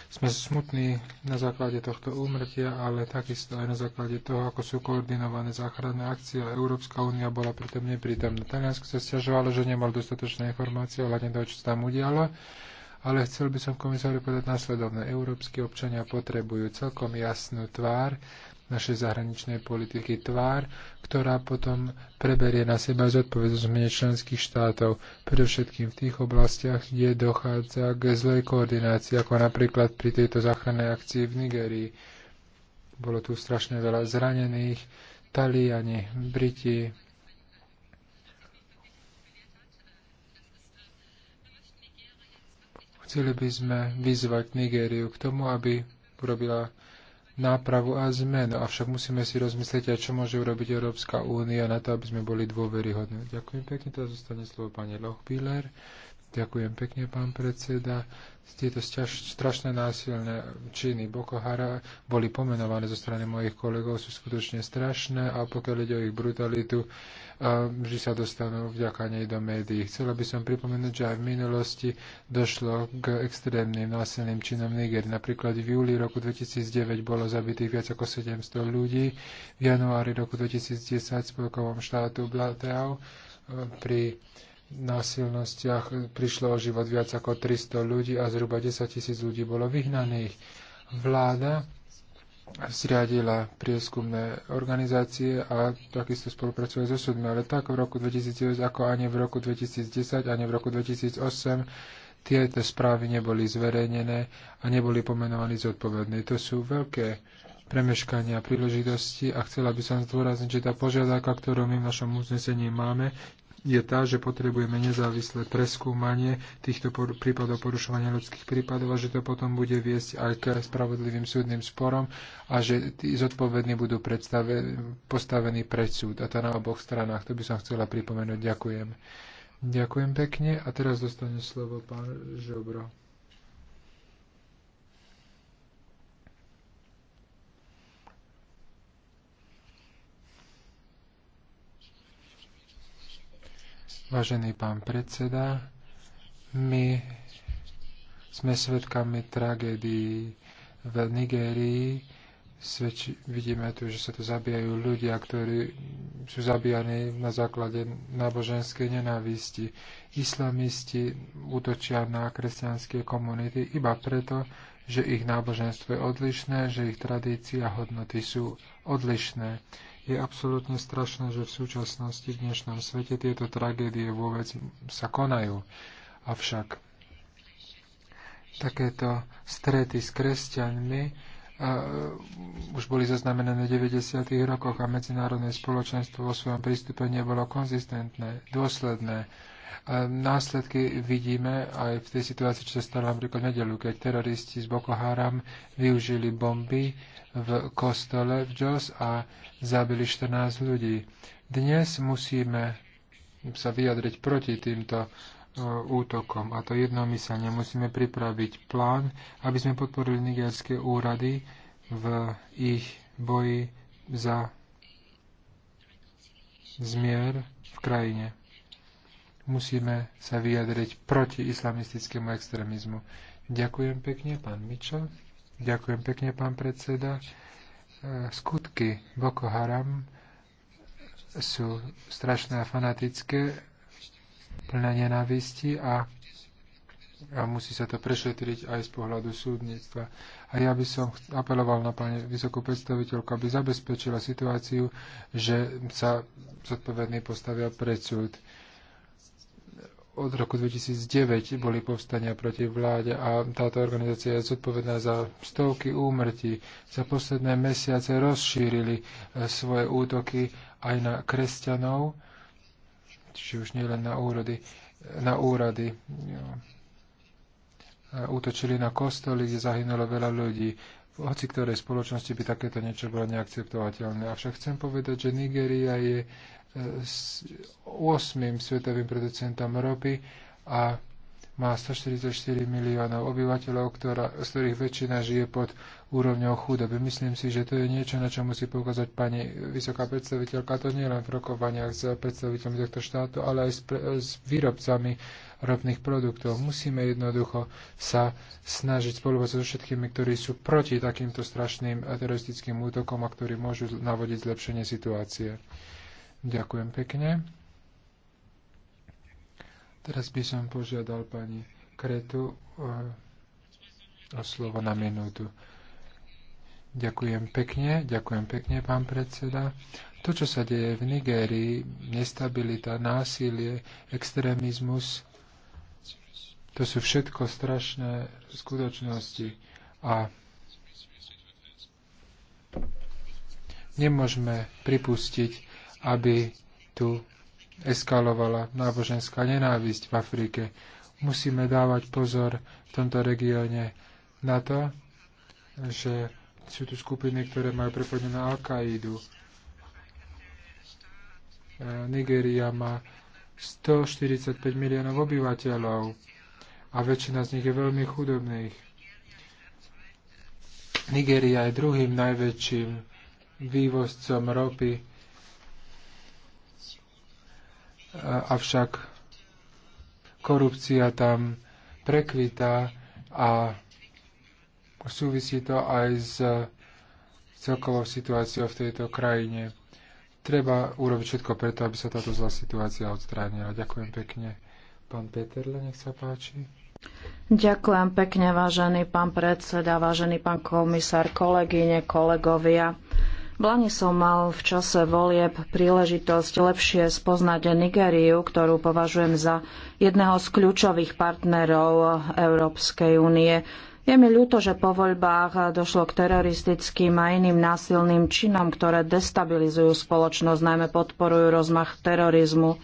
sme smutní na základe tohto úmrtia, ale takisto aj na základe toho, ako sú koordinované záchranné akcie. Európska únia bola pritom neprítomná. Taliansko sa stiažovalo, že nemal dostatočné informácie ohľadne toho, čo sa tam udialo. Ale chcel by som komisári povedať následovné. Európsky občania potrebujú celkom jasnú tvár, našej zahraničnej politiky tvár, ktorá potom preberie na seba zodpovednosť mene členských štátov, predovšetkým v tých oblastiach, kde dochádza k zlej koordinácii, ako napríklad pri tejto záchrannej akcii v Nigerii. Bolo tu strašne veľa zranených, Taliani, Briti, chceli by sme vyzvať Nigériu k tomu, aby urobila nápravu a zmenu. Avšak musíme si rozmyslieť aj, čo môže urobiť Európska únia na to, aby sme boli dôveryhodní. Ďakujem pekne, teraz zostane slovo pani Lochbiller. Ďakujem pekne, pán predseda. Tieto strašné násilné činy Boko Hara boli pomenované zo strany mojich kolegov, sú skutočne strašné a pokiaľ ide o ich brutalitu, vždy sa dostanú vďaka nej do médií. Chcela by som pripomenúť, že aj v minulosti došlo k extrémnym násilným činom Niger. Napríklad v júli roku 2009 bolo zabitých viac ako 700 ľudí, v januári roku 2010 spolkovom štátu Blateau pri násilnostiach prišlo o život viac ako 300 ľudí a zhruba 10 tisíc ľudí bolo vyhnaných. Vláda zriadila prieskumné organizácie a takisto spolupracuje so súdmi, ale tak v roku 2009 ako ani v roku 2010, ani v roku 2008 tieto správy neboli zverejnené a neboli pomenovaní zodpovední. To sú veľké premeškania príležitosti a chcela by som zdôrazniť, že tá požiadavka, ktorú my v našom uznesení máme, je tá, že potrebujeme nezávislé preskúmanie týchto prípadov porušovania ľudských prípadov a že to potom bude viesť aj k spravodlivým súdnym sporom a že tí zodpovední budú postavení pred súd. A to na oboch stranách. To by som chcela pripomenúť. Ďakujem. Ďakujem pekne a teraz dostane slovo pán Žobro. Vážený pán predseda, my sme svedkami tragédií v Nigérii. Svedči, vidíme tu, že sa tu zabíjajú ľudia, ktorí sú zabíjani na základe náboženskej nenávisti. Islamisti útočia na kresťanské komunity iba preto, že ich náboženstvo je odlišné, že ich tradícia a hodnoty sú odlišné. Je absolútne strašné, že v súčasnosti, v dnešnom svete tieto tragédie vôbec sa konajú. Avšak takéto strety s kresťanmi uh, už boli zaznamenané v 90. rokoch a medzinárodné spoločenstvo vo svojom prístupe nebolo konzistentné, dôsledné. Uh, Následky vidíme aj v tej situácii, čo sa stalo napríklad nedelu, keď teroristi z Boko Haram využili bomby v kostole v Jos a zabili 14 ľudí. Dnes musíme sa vyjadriť proti týmto e, útokom. A to jednomyselne musíme pripraviť plán, aby sme podporili nigerské úrady v ich boji za zmier v krajine musíme sa vyjadriť proti islamistickému extrémizmu. Ďakujem pekne, pán Mičo. Ďakujem pekne, pán predseda. E, skutky Boko Haram sú strašné a fanatické, plné nenávisti a, a musí sa to prešetriť aj z pohľadu súdnictva. A ja by som apeloval na pani vysokú predstaviteľku, aby zabezpečila situáciu, že sa zodpovední postavia pred súd od roku 2009 boli povstania proti vláde a táto organizácia je zodpovedná za stovky úmrtí. Za posledné mesiace rozšírili e, svoje útoky aj na kresťanov, čiže už nielen na úrody. Na úrady. E, útočili na kostoly, kde zahynulo veľa ľudí. V hoci ktorej spoločnosti by takéto niečo bolo neakceptovateľné. Avšak chcem povedať, že Nigéria je s 8. svetovým producentom ropy a má 144 miliónov obyvateľov, ktorá, z ktorých väčšina žije pod úrovňou chudoby. Myslím si, že to je niečo, na čo musí poukázať pani vysoká predstaviteľka. To nie len v rokovaniach s predstaviteľmi tohto štátu, ale aj s, s výrobcami ropných produktov. Musíme jednoducho sa snažiť spolupracovať so všetkými, ktorí sú proti takýmto strašným teroristickým útokom a ktorí môžu navodiť zlepšenie situácie. Ďakujem pekne. Teraz by som požiadal pani Kretu eh, o slovo na minútu. Ďakujem pekne, ďakujem pekne, pán predseda. To, čo sa deje v Nigérii, nestabilita, násilie, extrémizmus, to sú všetko strašné skutočnosti a nemôžeme pripustiť, aby tu eskalovala náboženská nenávisť v Afrike. Musíme dávať pozor v tomto regióne na to, že sú tu skupiny, ktoré majú prepojené na al qaidu Nigeria má 145 miliónov obyvateľov a väčšina z nich je veľmi chudobných. Nigeria je druhým najväčším vývozcom ropy avšak korupcia tam prekvitá a súvisí to aj s celkovou situáciou v tejto krajine. Treba urobiť všetko preto, aby sa táto zlá situácia odstránila. Ďakujem pekne. Pán Peterle, nech sa páči. Ďakujem pekne, vážený pán predseda, vážený pán komisár, kolegyne, kolegovia. V Lani som mal v čase volieb príležitosť lepšie spoznať Nigériu, ktorú považujem za jedného z kľúčových partnerov Európskej únie. Je mi ľúto, že po voľbách došlo k teroristickým a iným násilným činom, ktoré destabilizujú spoločnosť, najmä podporujú rozmach terorizmu.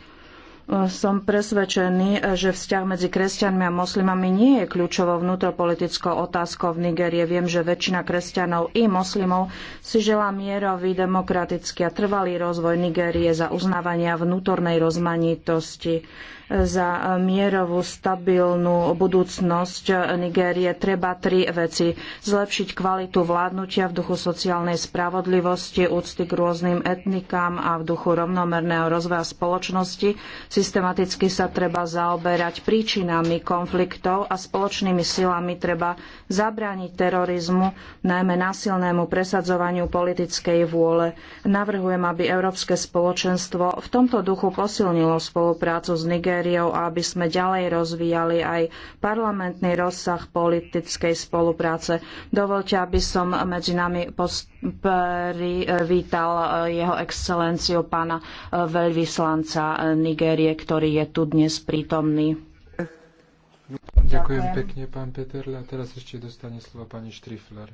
Som presvedčený, že vzťah medzi kresťanmi a moslimami nie je kľúčovou vnútropolitickou otázkou v Nigérie. Viem, že väčšina kresťanov i moslimov si želá mierový, demokratický a trvalý rozvoj Nigérie za uznávania vnútornej rozmanitosti za mierovú, stabilnú budúcnosť Nigérie treba tri veci. Zlepšiť kvalitu vládnutia v duchu sociálnej spravodlivosti, úcty k rôznym etnikám a v duchu rovnomerného rozvoja spoločnosti. Systematicky sa treba zaoberať príčinami konfliktov a spoločnými silami treba zabrániť terorizmu, najmä násilnému presadzovaniu politickej vôle. Navrhujem, aby Európske spoločenstvo v tomto duchu posilnilo spoluprácu s Nigériou kritériou a aby sme ďalej rozvíjali aj parlamentný rozsah politickej spolupráce. Dovolte, aby som medzi nami privítal e, jeho excelenciu pána e, veľvyslanca e, Nigérie, ktorý je tu dnes prítomný. Ďakujem pekne, pán Peterle. A teraz ešte dostane slovo pani Štrifler.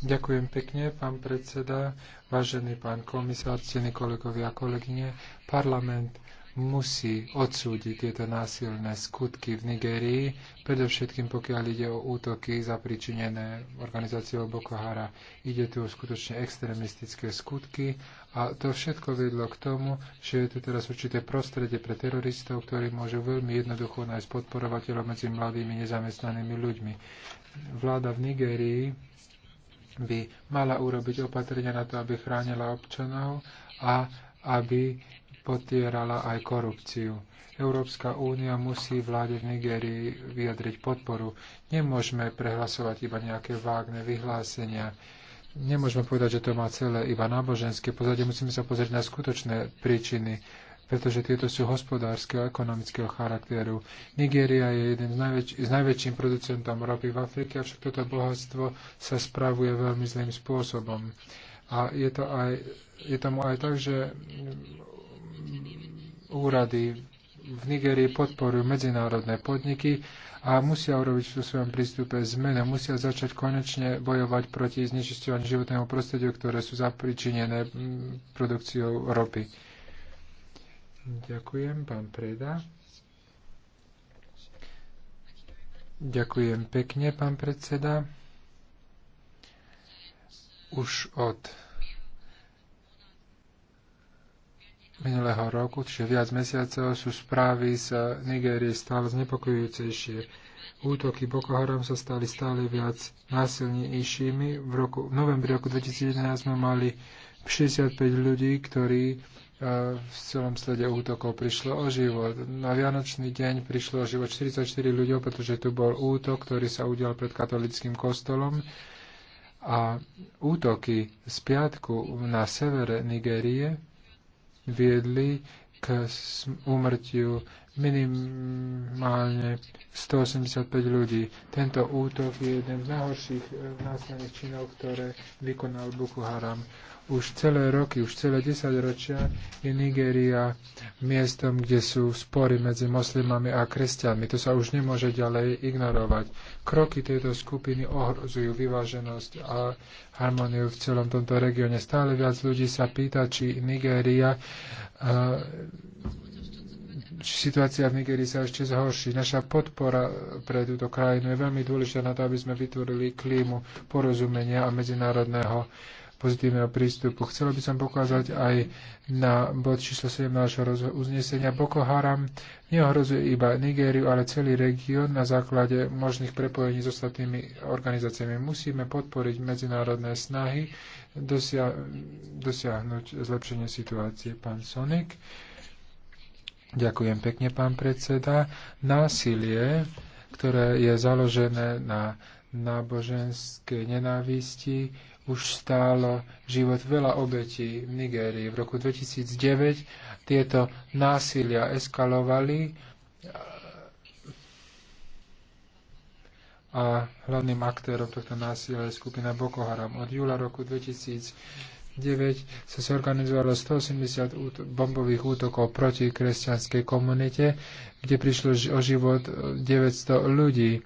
Ďakujem pekne, pán predseda, vážený pán komisár, ctení kolegovia a kolegyne. Parlament musí odsúdiť tieto násilné skutky v Nigérii, predovšetkým pokiaľ ide o útoky zapričinené organizáciou Boko Hara. Ide tu o skutočne extrémistické skutky a to všetko vedlo k tomu, že je tu teraz určité prostredie pre teroristov, ktorí môžu veľmi jednoducho nájsť podporovateľov medzi mladými nezamestnanými ľuďmi. Vláda v Nigérii by mala urobiť opatrenia na to, aby chránila občanov a aby potierala aj korupciu. Európska únia musí vláde v Nigerii vyjadriť podporu. Nemôžeme prehlasovať iba nejaké vágne vyhlásenia. Nemôžeme povedať, že to má celé iba náboženské pozadie. Musíme sa pozrieť na skutočné príčiny pretože tieto sú hospodárskeho a ekonomického charakteru. Nigéria je jeden z, najväč- z najväčším producentom ropy v Afrike, avšak toto bohatstvo sa spravuje veľmi zlým spôsobom. A je, to aj, je tomu aj tak, že úrady v Nigerii podporujú medzinárodné podniky a musia urobiť v svojom prístupe zmenu. Musia začať konečne bojovať proti znečisťovaniu životného prostredia, ktoré sú zapričinené mm, produkciou ropy. Ďakujem, pán Preda. Ďakujem pekne, pán predseda. Už od minulého roku, čiže viac mesiacov, sú správy z Nigérie stále znepokojujúcejšie. Útoky Boko Haram sa stali stále viac násilnejšími. V, roku, v novembri roku 2011 sme mali 65 ľudí, ktorí v celom slede útokov prišlo o život. Na Vianočný deň prišlo o život 44 ľudí, pretože tu bol útok, ktorý sa udial pred katolickým kostolom. A útoky z piatku na severe Nigérie viedli k úmrtiu minimálne 185 ľudí. Tento útok je jeden z najhorších e, násilných činov, ktoré vykonal Boko Haram už celé roky, už celé desaťročia je Nigéria miestom, kde sú spory medzi moslimami a kresťanmi. To sa už nemôže ďalej ignorovať. Kroky tejto skupiny ohrozujú vyváženosť a harmóniu v celom tomto regióne. Stále viac ľudí sa pýta, či Nigéria eh, či situácia v Nigerii sa ešte zhorší. Naša podpora pre túto krajinu je veľmi dôležitá na to, aby sme vytvorili klímu porozumenia a medzinárodného uh, pozitívneho prístupu. Chcela by som pokázať aj na bod číslo 7 nášho uznesenia. Boko Haram neohrozuje iba Nigériu, ale celý región na základe možných prepojení s ostatnými organizáciami. Musíme podporiť medzinárodné snahy dosia- dosiahnuť zlepšenie situácie. Pán Sonik. Ďakujem pekne, pán predseda. Násilie, ktoré je založené na náboženskej nenávisti, už stálo život veľa obetí v Nigérii. V roku 2009 tieto násilia eskalovali a hlavným aktérom tohto násilia je skupina Boko Haram. Od júla roku 2009 sa zorganizovalo 180 bombových útokov proti kresťanskej komunite, kde prišlo o život 900 ľudí.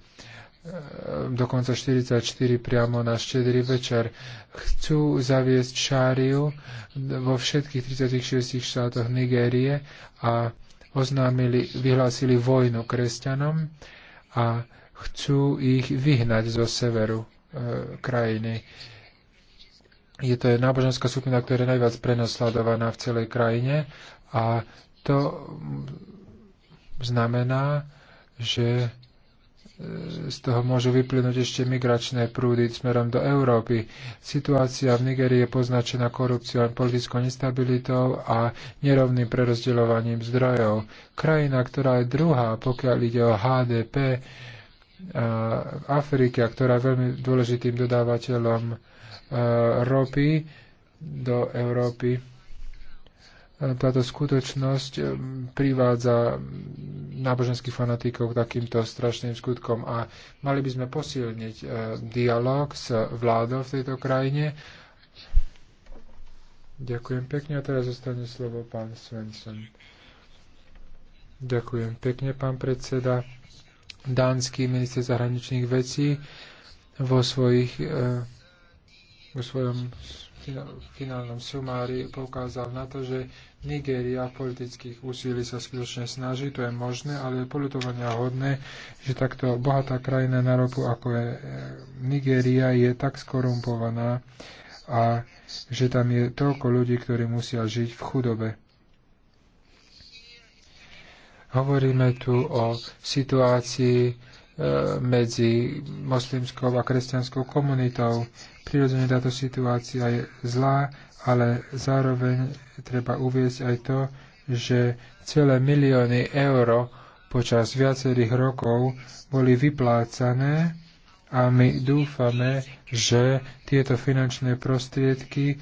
Ehm, dokonca 44 priamo na štedrý večer. Chcú zaviesť šáriu vo všetkých 36 štátoch Nigérie a oznámili, vyhlásili vojnu kresťanom a chcú ich vyhnať zo severu e, krajiny. Je to náboženská skupina, ktorá je najviac prenosledovaná v celej krajine a to znamená, že E, z toho môžu vyplynúť ešte migračné prúdy smerom do Európy. Situácia v Nigerii je poznačená korupciou a politickou nestabilitou a nerovným prerozdeľovaním zdrojov. Krajina, ktorá je druhá, pokiaľ ide o HDP v Afrike, a ktorá je veľmi dôležitým dodávateľom ropy do Európy, táto skutočnosť eh, privádza náboženských fanatikov k takýmto strašným skutkom a mali by sme posilniť eh, dialog s vládou v tejto krajine. Ďakujem pekne a teraz zostane slovo pán Svensson. Ďakujem pekne, pán predseda. Dánsky minister zahraničných vecí vo, svojich, eh, vo svojom finálnom sumári poukázal na to, že Nigéria v politických úsilí sa skutočne snaží, to je možné, ale je politovania hodné, že takto bohatá krajina na ropu, ako je e, Nigéria, je tak skorumpovaná a že tam je toľko ľudí, ktorí musia žiť v chudobe. Hovoríme tu o situácii, E, medzi moslimskou a kresťanskou komunitou. Prirodzene táto situácia je zlá, ale zároveň treba uviezť aj to, že celé milióny eur počas viacerých rokov boli vyplácané a my dúfame, že tieto finančné prostriedky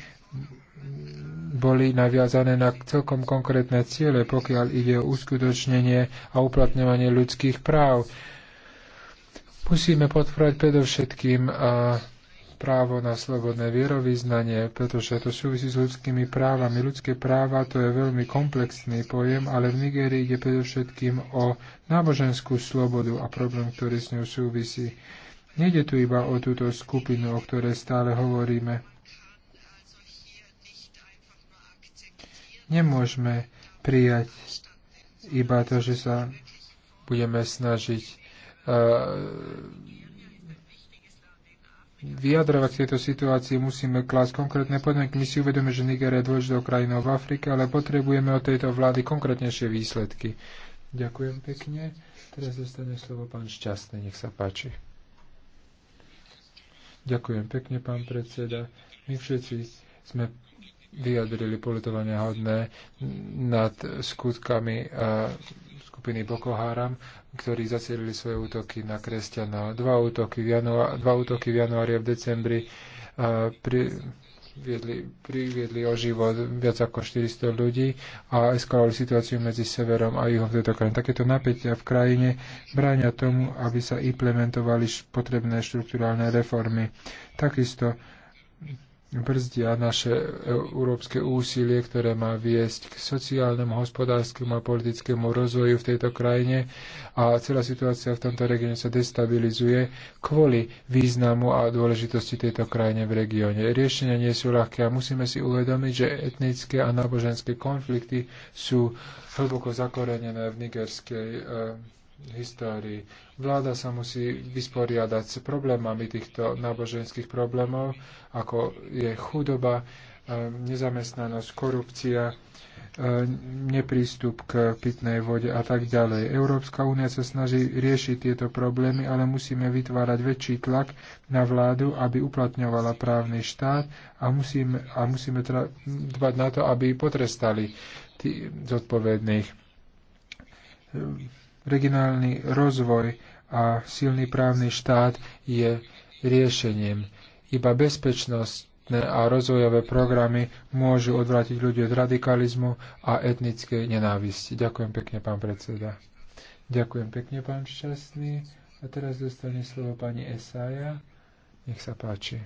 boli naviazané na celkom konkrétne ciele, pokiaľ ide o uskutočnenie a uplatňovanie ľudských práv. Musíme podporovať predovšetkým eh, právo na slobodné vierovýznanie, pretože to súvisí s ľudskými právami. Ľudské práva to je veľmi komplexný pojem, ale v Nigerii ide predovšetkým o náboženskú slobodu a problém, ktorý s ňou súvisí. Nede tu iba o túto skupinu, o ktorej stále hovoríme. Nemôžeme prijať iba to, že sa budeme snažiť E, vyjadrovať v tejto situácii musíme klásť konkrétne podmienky. My si uvedome, že Nigeria je dôležitou krajinou v Afrike, ale potrebujeme od tejto vlády konkrétnejšie výsledky. Ďakujem pekne. Teraz dostane slovo pán Šťastný, nech sa páči. Ďakujem pekne, pán predseda. My všetci sme vyjadrili politovania hodné nad skutkami e, skupiny Boko Haram ktorí zacielili svoje útoky na kresťana. Dva útoky v, januá- dva útoky v januári a v decembri a pri, viedli, priviedli o život viac ako 400 ľudí a eskalovali situáciu medzi severom a juhom tejto krajiny. Takéto napätia v krajine bráňa tomu, aby sa implementovali potrebné štruktúrálne reformy. Takisto brzdia naše európske úsilie, ktoré má viesť k sociálnemu, hospodárskemu a politickému rozvoju v tejto krajine a celá situácia v tomto regióne sa destabilizuje kvôli významu a dôležitosti tejto krajine v regióne. Riešenia nie sú ľahké a musíme si uvedomiť, že etnické a náboženské konflikty sú hlboko zakorenené v nigerskej eh, histórii. Vláda sa musí vysporiadať s problémami týchto náboženských problémov, ako je chudoba, e, nezamestnanosť, korupcia, e, neprístup k pitnej vode a tak ďalej. Európska únia sa snaží riešiť tieto problémy, ale musíme vytvárať väčší tlak na vládu, aby uplatňovala právny štát a musíme, a musíme teda dbať na to, aby potrestali tých zodpovedných Regionálny rozvoj a silný právny štát je riešením. Iba bezpečnostné a rozvojové programy môžu odvrátiť ľudí od radikalizmu a etnickej nenávisti. Ďakujem pekne, pán predseda. Ďakujem pekne, pán Šťastný. A teraz dostane slovo pani Esaja. Nech sa páči.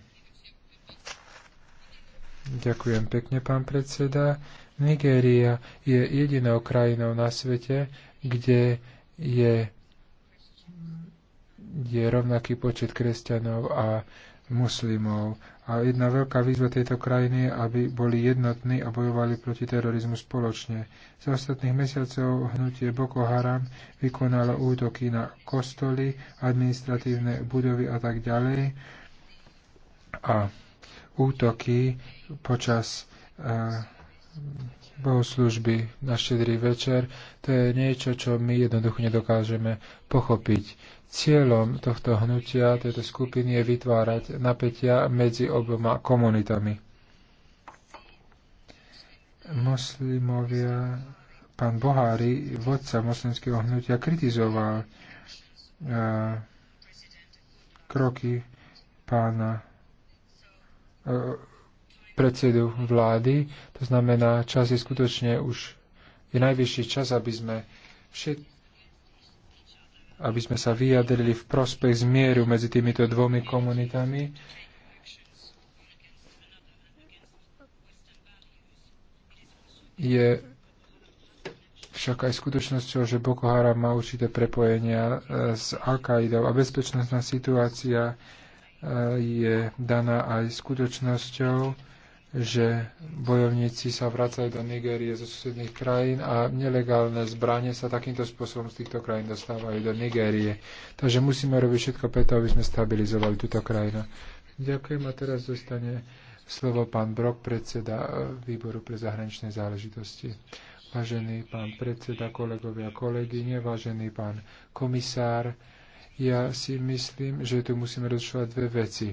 Ďakujem pekne, pán predseda. Nigéria je jedinou krajinou na svete, kde je, je rovnaký počet kresťanov a muslimov. A jedna veľká výzva tejto krajiny je, aby boli jednotní a bojovali proti terorizmu spoločne. Za ostatných mesiacov hnutie Boko Haram vykonalo útoky na kostoly, administratívne budovy a tak ďalej. A útoky počas uh, bohoslužby na štedrý večer, to je niečo, čo my jednoducho nedokážeme pochopiť. Cieľom tohto hnutia, tejto skupiny je vytvárať napätia medzi oboma komunitami. Moslimovia, pán Bohári, vodca moslimského hnutia, kritizoval a, e, kroky pána e, predsedu vlády. To znamená, čas je skutočne už, je najvyšší čas, aby sme všet, aby sme sa vyjadrili v prospech zmieru medzi týmito dvomi komunitami. Je však aj skutočnosťou, že Boko Haram má určité prepojenia e, s al qaidou a bezpečnostná situácia e, je daná aj skutočnosťou, že bojovníci sa vracajú do Nigérie zo susedných krajín a nelegálne zbranie sa takýmto spôsobom z týchto krajín dostávajú do Nigérie. Takže musíme robiť všetko preto, aby sme stabilizovali túto krajinu. Ďakujem a teraz dostane slovo pán Brok, predseda e, Výboru pre zahraničné záležitosti. Vážený pán predseda, kolegovia, kolegyne, vážený pán komisár, ja si myslím, že tu musíme rozšľať dve veci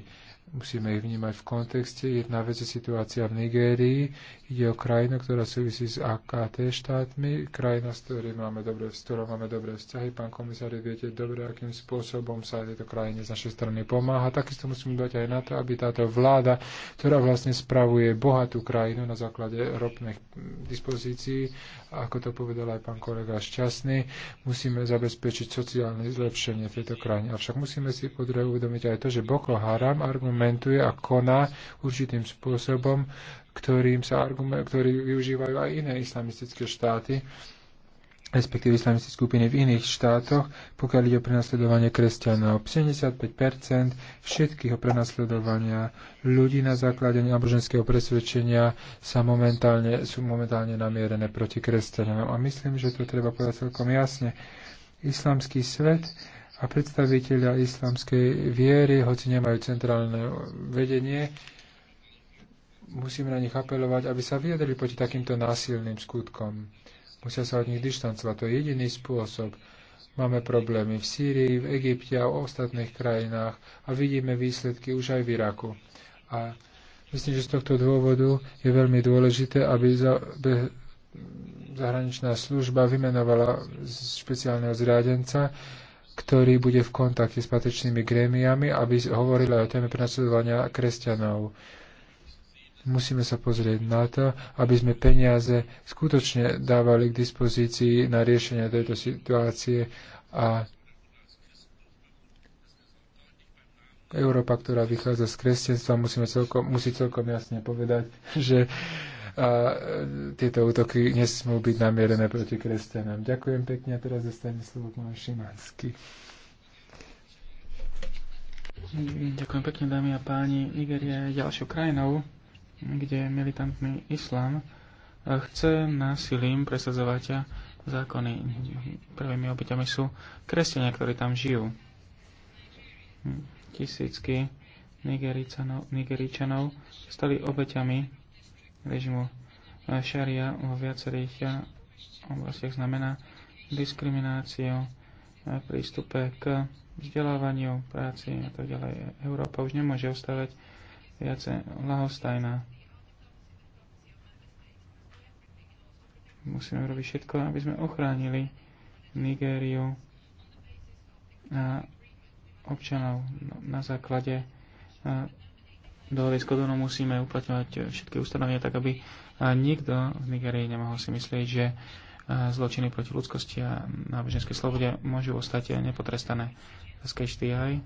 Musíme ich vnímať v kontexte. Jedna vec je situácia v Nigérii. Ide o krajinu, ktorá súvisí s AKT štátmi, krajina, s, ktorou máme dobré, s ktorou máme dobré vzťahy. Pán komisár, viete dobre, akým spôsobom sa tejto krajine z našej strany pomáha. Takisto musíme dať aj na to, aby táto vláda, ktorá vlastne spravuje bohatú krajinu na základe ropných dispozícií, ako to povedal aj pán kolega Šťastný, musíme zabezpečiť sociálne zlepšenie v tejto krajine. Avšak musíme si podľa uvedomiť aj to, že Boko Haram argument argumentuje a koná určitým spôsobom, ktorým sa argument, ktorý využívajú aj iné islamistické štáty, respektíve islamistické skupiny v iných štátoch, pokiaľ ide o prenasledovanie kresťanov. 75% všetkého prenasledovania ľudí na základe náboženského presvedčenia sa momentálne, sú momentálne namierené proti kresťanom. A myslím, že to treba povedať celkom jasne. Islamský svet a predstaviteľia islamskej viery, hoci nemajú centrálne vedenie, musíme na nich apelovať, aby sa vyjadrili proti takýmto násilným skutkom. Musia sa od nich dištancovať. To je jediný spôsob. Máme problémy v Sýrii, v Egypte a v ostatných krajinách a vidíme výsledky už aj v Iraku. A myslím, že z tohto dôvodu je veľmi dôležité, aby za, be, zahraničná služba vymenovala špeciálneho zriadenca, ktorý bude v kontakte s patričnými grémiami, aby hovoril aj o téme prenasledovania kresťanov. Musíme sa pozrieť na to, aby sme peniaze skutočne dávali k dispozícii na riešenie tejto situácie a Európa, ktorá vychádza z kresťanstva, musíme musí celkom jasne povedať, že a e, tieto útoky nesmú byť namierené proti kresťanom. Ďakujem pekne a teraz zostane slovo pán Šimanský. Ďakujem pekne, dámy a páni. Nigeria je ďalšou krajinou, kde militantný islám e, chce násilím presadzovať zákony. Prvými obyťami sú kresťania, ktorí tam žijú. Tisícky Nigeričanov, Nigeričanov stali obeťami režimu šaria vo viacerých oblastiach znamená diskrimináciu v prístupe k vzdelávaniu, práci a tak ďalej. Európa už nemôže ostávať viacej lahostajná. Musíme robiť všetko, aby sme ochránili Nigériu a občanov na základe dohody s Kodonom musíme uplatňovať všetky ustanovenia tak, aby nikto v Nigerii nemohol si myslieť, že zločiny proti ľudskosti a náboženskej slobode môžu ostať nepotrestané. Z KHTI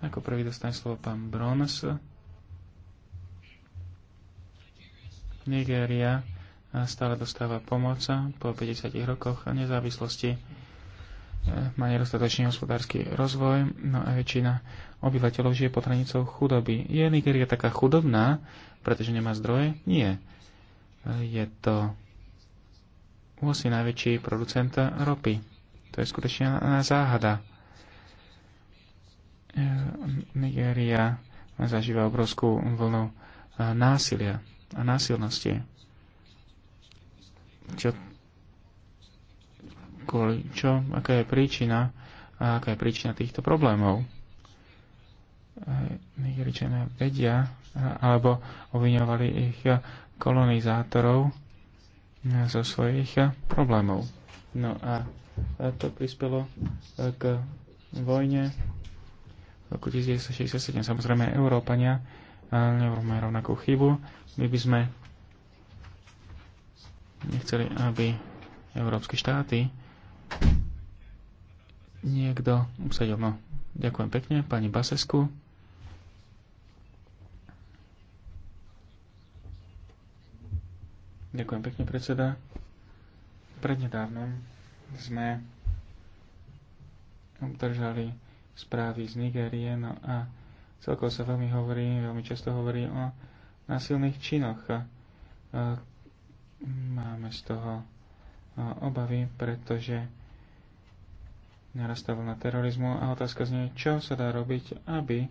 ako prvý dostane slovo pán Brons. Nigéria stále dostáva pomoc po 50 rokoch nezávislosti. E, má nedostatočný hospodársky rozvoj, no a väčšina obyvateľov žije pod hranicou chudoby. Je Nigéria taká chudobná, pretože nemá zdroje? Nie. Je to 8 najväčší producent ropy. To je skutočne záhada. Nigéria zažíva obrovskú vlnu e, násilia a násilnosti. Čo, kvôli čo, aká je príčina a aká je príčina týchto problémov. Nigeričania vedia, alebo obviňovali ich kolonizátorov zo svojich problémov. No a to prispelo k vojne v roku 1967. Samozrejme, Európania neurobíme rovnakú chybu. My by sme nechceli, aby európske štáty niekto usadil. No, ďakujem pekne, pani Basesku. Ďakujem pekne, predseda. Prednedávnom sme obdržali správy z Nigérie, no a celkovo sa veľmi hovorí, veľmi často hovorí o násilných činoch. E, máme z toho e, obavy, pretože narastá na terorizmu a otázka znie, čo sa dá robiť, aby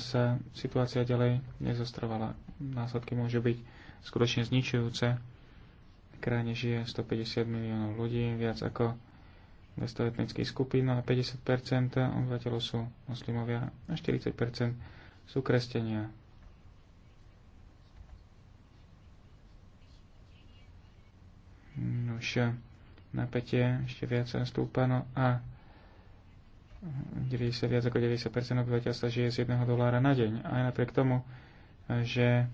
sa situácia ďalej nezostrovala. Následky môžu byť skutočne zničujúce krajine žije 150 miliónov ľudí, viac ako 200 etnických skupín, no a 50% obyvateľov sú moslimovia a 40% sú kresťania. Už napätie ešte viac stúpa, no a 90, viac ako 90% obyvateľstva žije z jedného dolára na deň. Aj napriek tomu, že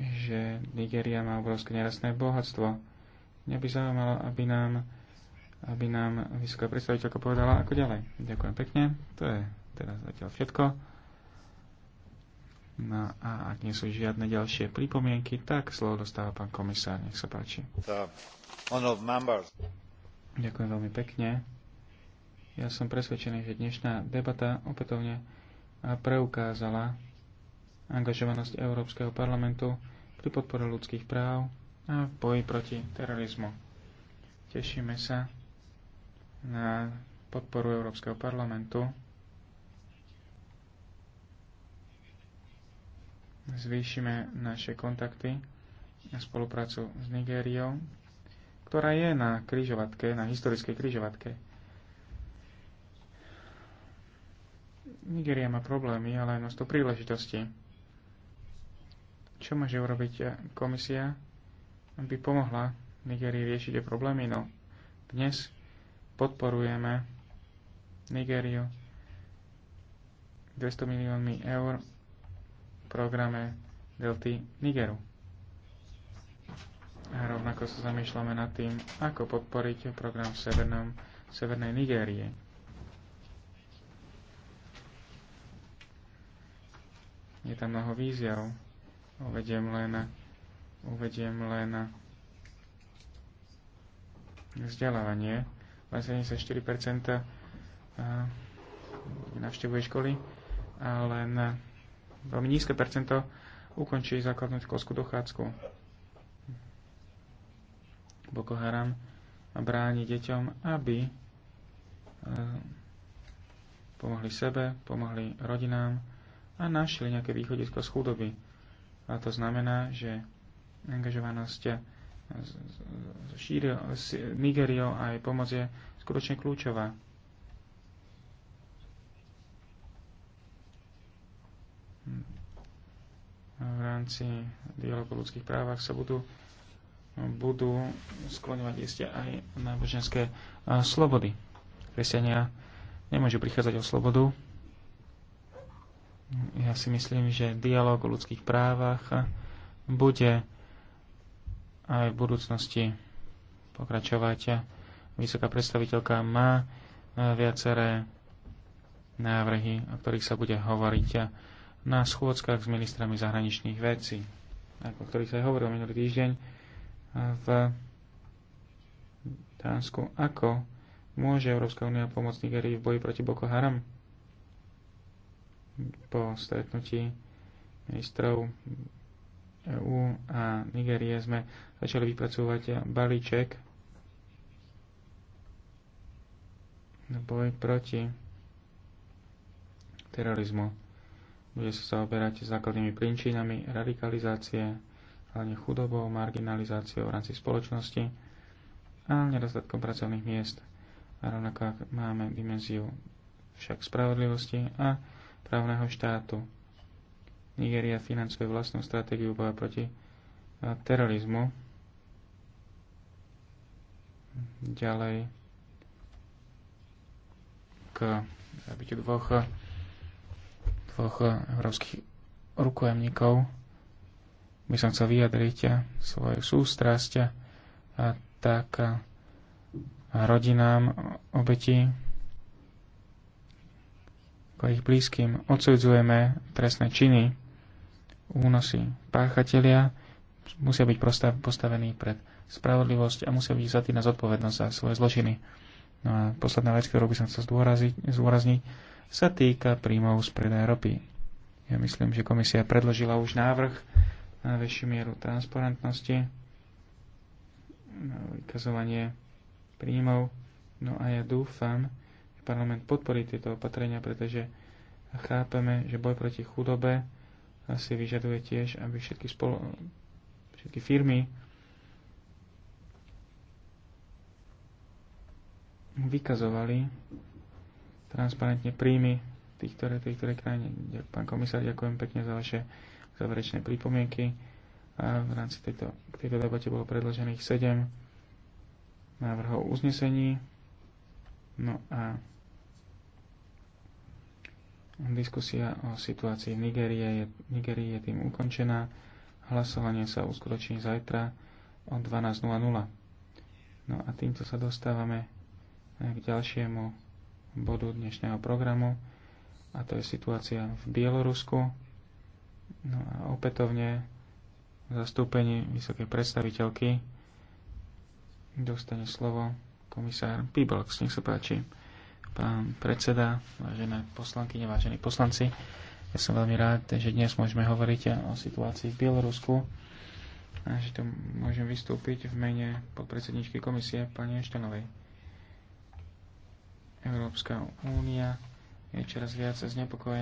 že Nigeria má obrovské nerastné bohatstvo. Mňa by zaujímalo, aby nám, aby nám vysoká predstaviteľka povedala, ako ďalej. Ďakujem pekne. To je teraz zatiaľ všetko. No a ak nie sú žiadne ďalšie pripomienky, tak slovo dostáva pán komisár. Nech sa páči. Ďakujem veľmi pekne. Ja som presvedčený, že dnešná debata opätovne preukázala angažovanosť Európskeho parlamentu pri podpore ľudských práv a v boji proti terorizmu. Tešíme sa na podporu Európskeho parlamentu zvýšime naše kontakty a spoluprácu s Nigériou, ktorá je na križovatke, na historickej križovatke. Nigéria má problémy, ale aj množstvo príležitostí. Čo môže urobiť e, komisia, aby pomohla Nigerii riešiť jej problémy? No, dnes podporujeme Nigériu 200 miliónmi eur v programe Delty Nigeru. A rovnako sa zamýšľame nad tým, ako podporiť program v severnom, Severnej Nigérie. Je tam mnoho víziev uvediem len, uvediem len vzdelávanie. Len 74% navštevuje školy a len veľmi nízke percento ukončí základnú školskú dochádzku. Boko Haram bráni deťom, aby pomohli sebe, pomohli rodinám a našli nejaké východisko z chudoby a to znamená, že angažovanosť s Nigériou a jej pomoc je skutočne kľúčová. v rámci dialogu o ľudských právach sa budú, budú skloňovať iste aj náboženské slobody. Kresťania nemôžu prichádzať o slobodu, ja si myslím, že dialog o ľudských právach bude aj v budúcnosti pokračovať. Vysoká predstaviteľka má e, viaceré návrhy, o ktorých sa bude hovoriť na schôdzkach s ministrami zahraničných vecí, o ktorých sa aj hovoril minulý týždeň e, v Dánsku. Ako môže Európska únia pomôcť Nigerii v boji proti Boko Haram? po stretnutí ministrov EU a Nigérie sme začali vypracovať balíček na boj proti terorizmu. Bude sa zaoberať základnými príčinami radikalizácie, hlavne chudobou, marginalizáciou v rámci spoločnosti a nedostatkom pracovných miest. A rovnako máme dimenziu však spravodlivosti a právneho štátu. Nigéria financuje vlastnú stratégiu boja proti terorizmu. Ďalej k zabitiu dvoch, dvoch európskych rukojemníkov by som chcel vyjadriť svoju sústrasť a tak rodinám obeti ako ich blízkym. Odsudzujeme trestné činy, únosy. Páchatelia musia byť postavení pred spravodlivosť a musia byť za na zodpovednosť za svoje zločiny. No a posledná vec, ktorú by som chcel zdôrazniť, sa týka príjmov z predaja ropy. Ja myslím, že komisia predložila už návrh na väčšiu mieru transparentnosti, na vykazovanie príjmov. No a ja dúfam, parlament podporí tieto opatrenia, pretože chápeme, že boj proti chudobe si vyžaduje tiež, aby všetky, spolo, všetky firmy vykazovali transparentne príjmy tých, ktoré, tých, ktoré krajine. Pán komisár, ďakujem pekne za vaše záverečné pripomienky. A v rámci tejto, tejto debate bolo predložených 7 návrhov uznesení. No a diskusia o situácii v Nigerii je, Nigerii je tým ukončená. Hlasovanie sa uskutoční zajtra o 12.00. No a týmto sa dostávame k ďalšiemu bodu dnešného programu a to je situácia v Bielorusku. No a opätovne zastúpenie vysokej predstaviteľky dostane slovo komisár Pibox. Nech sa páči, pán predseda, vážené poslanky, vážení poslanci. Ja som veľmi rád, že dnes môžeme hovoriť o situácii v Bielorusku a že tu môžem vystúpiť v mene podpredsedničky komisie pani Eštenovej. Európska únia je čoraz viac znepokojená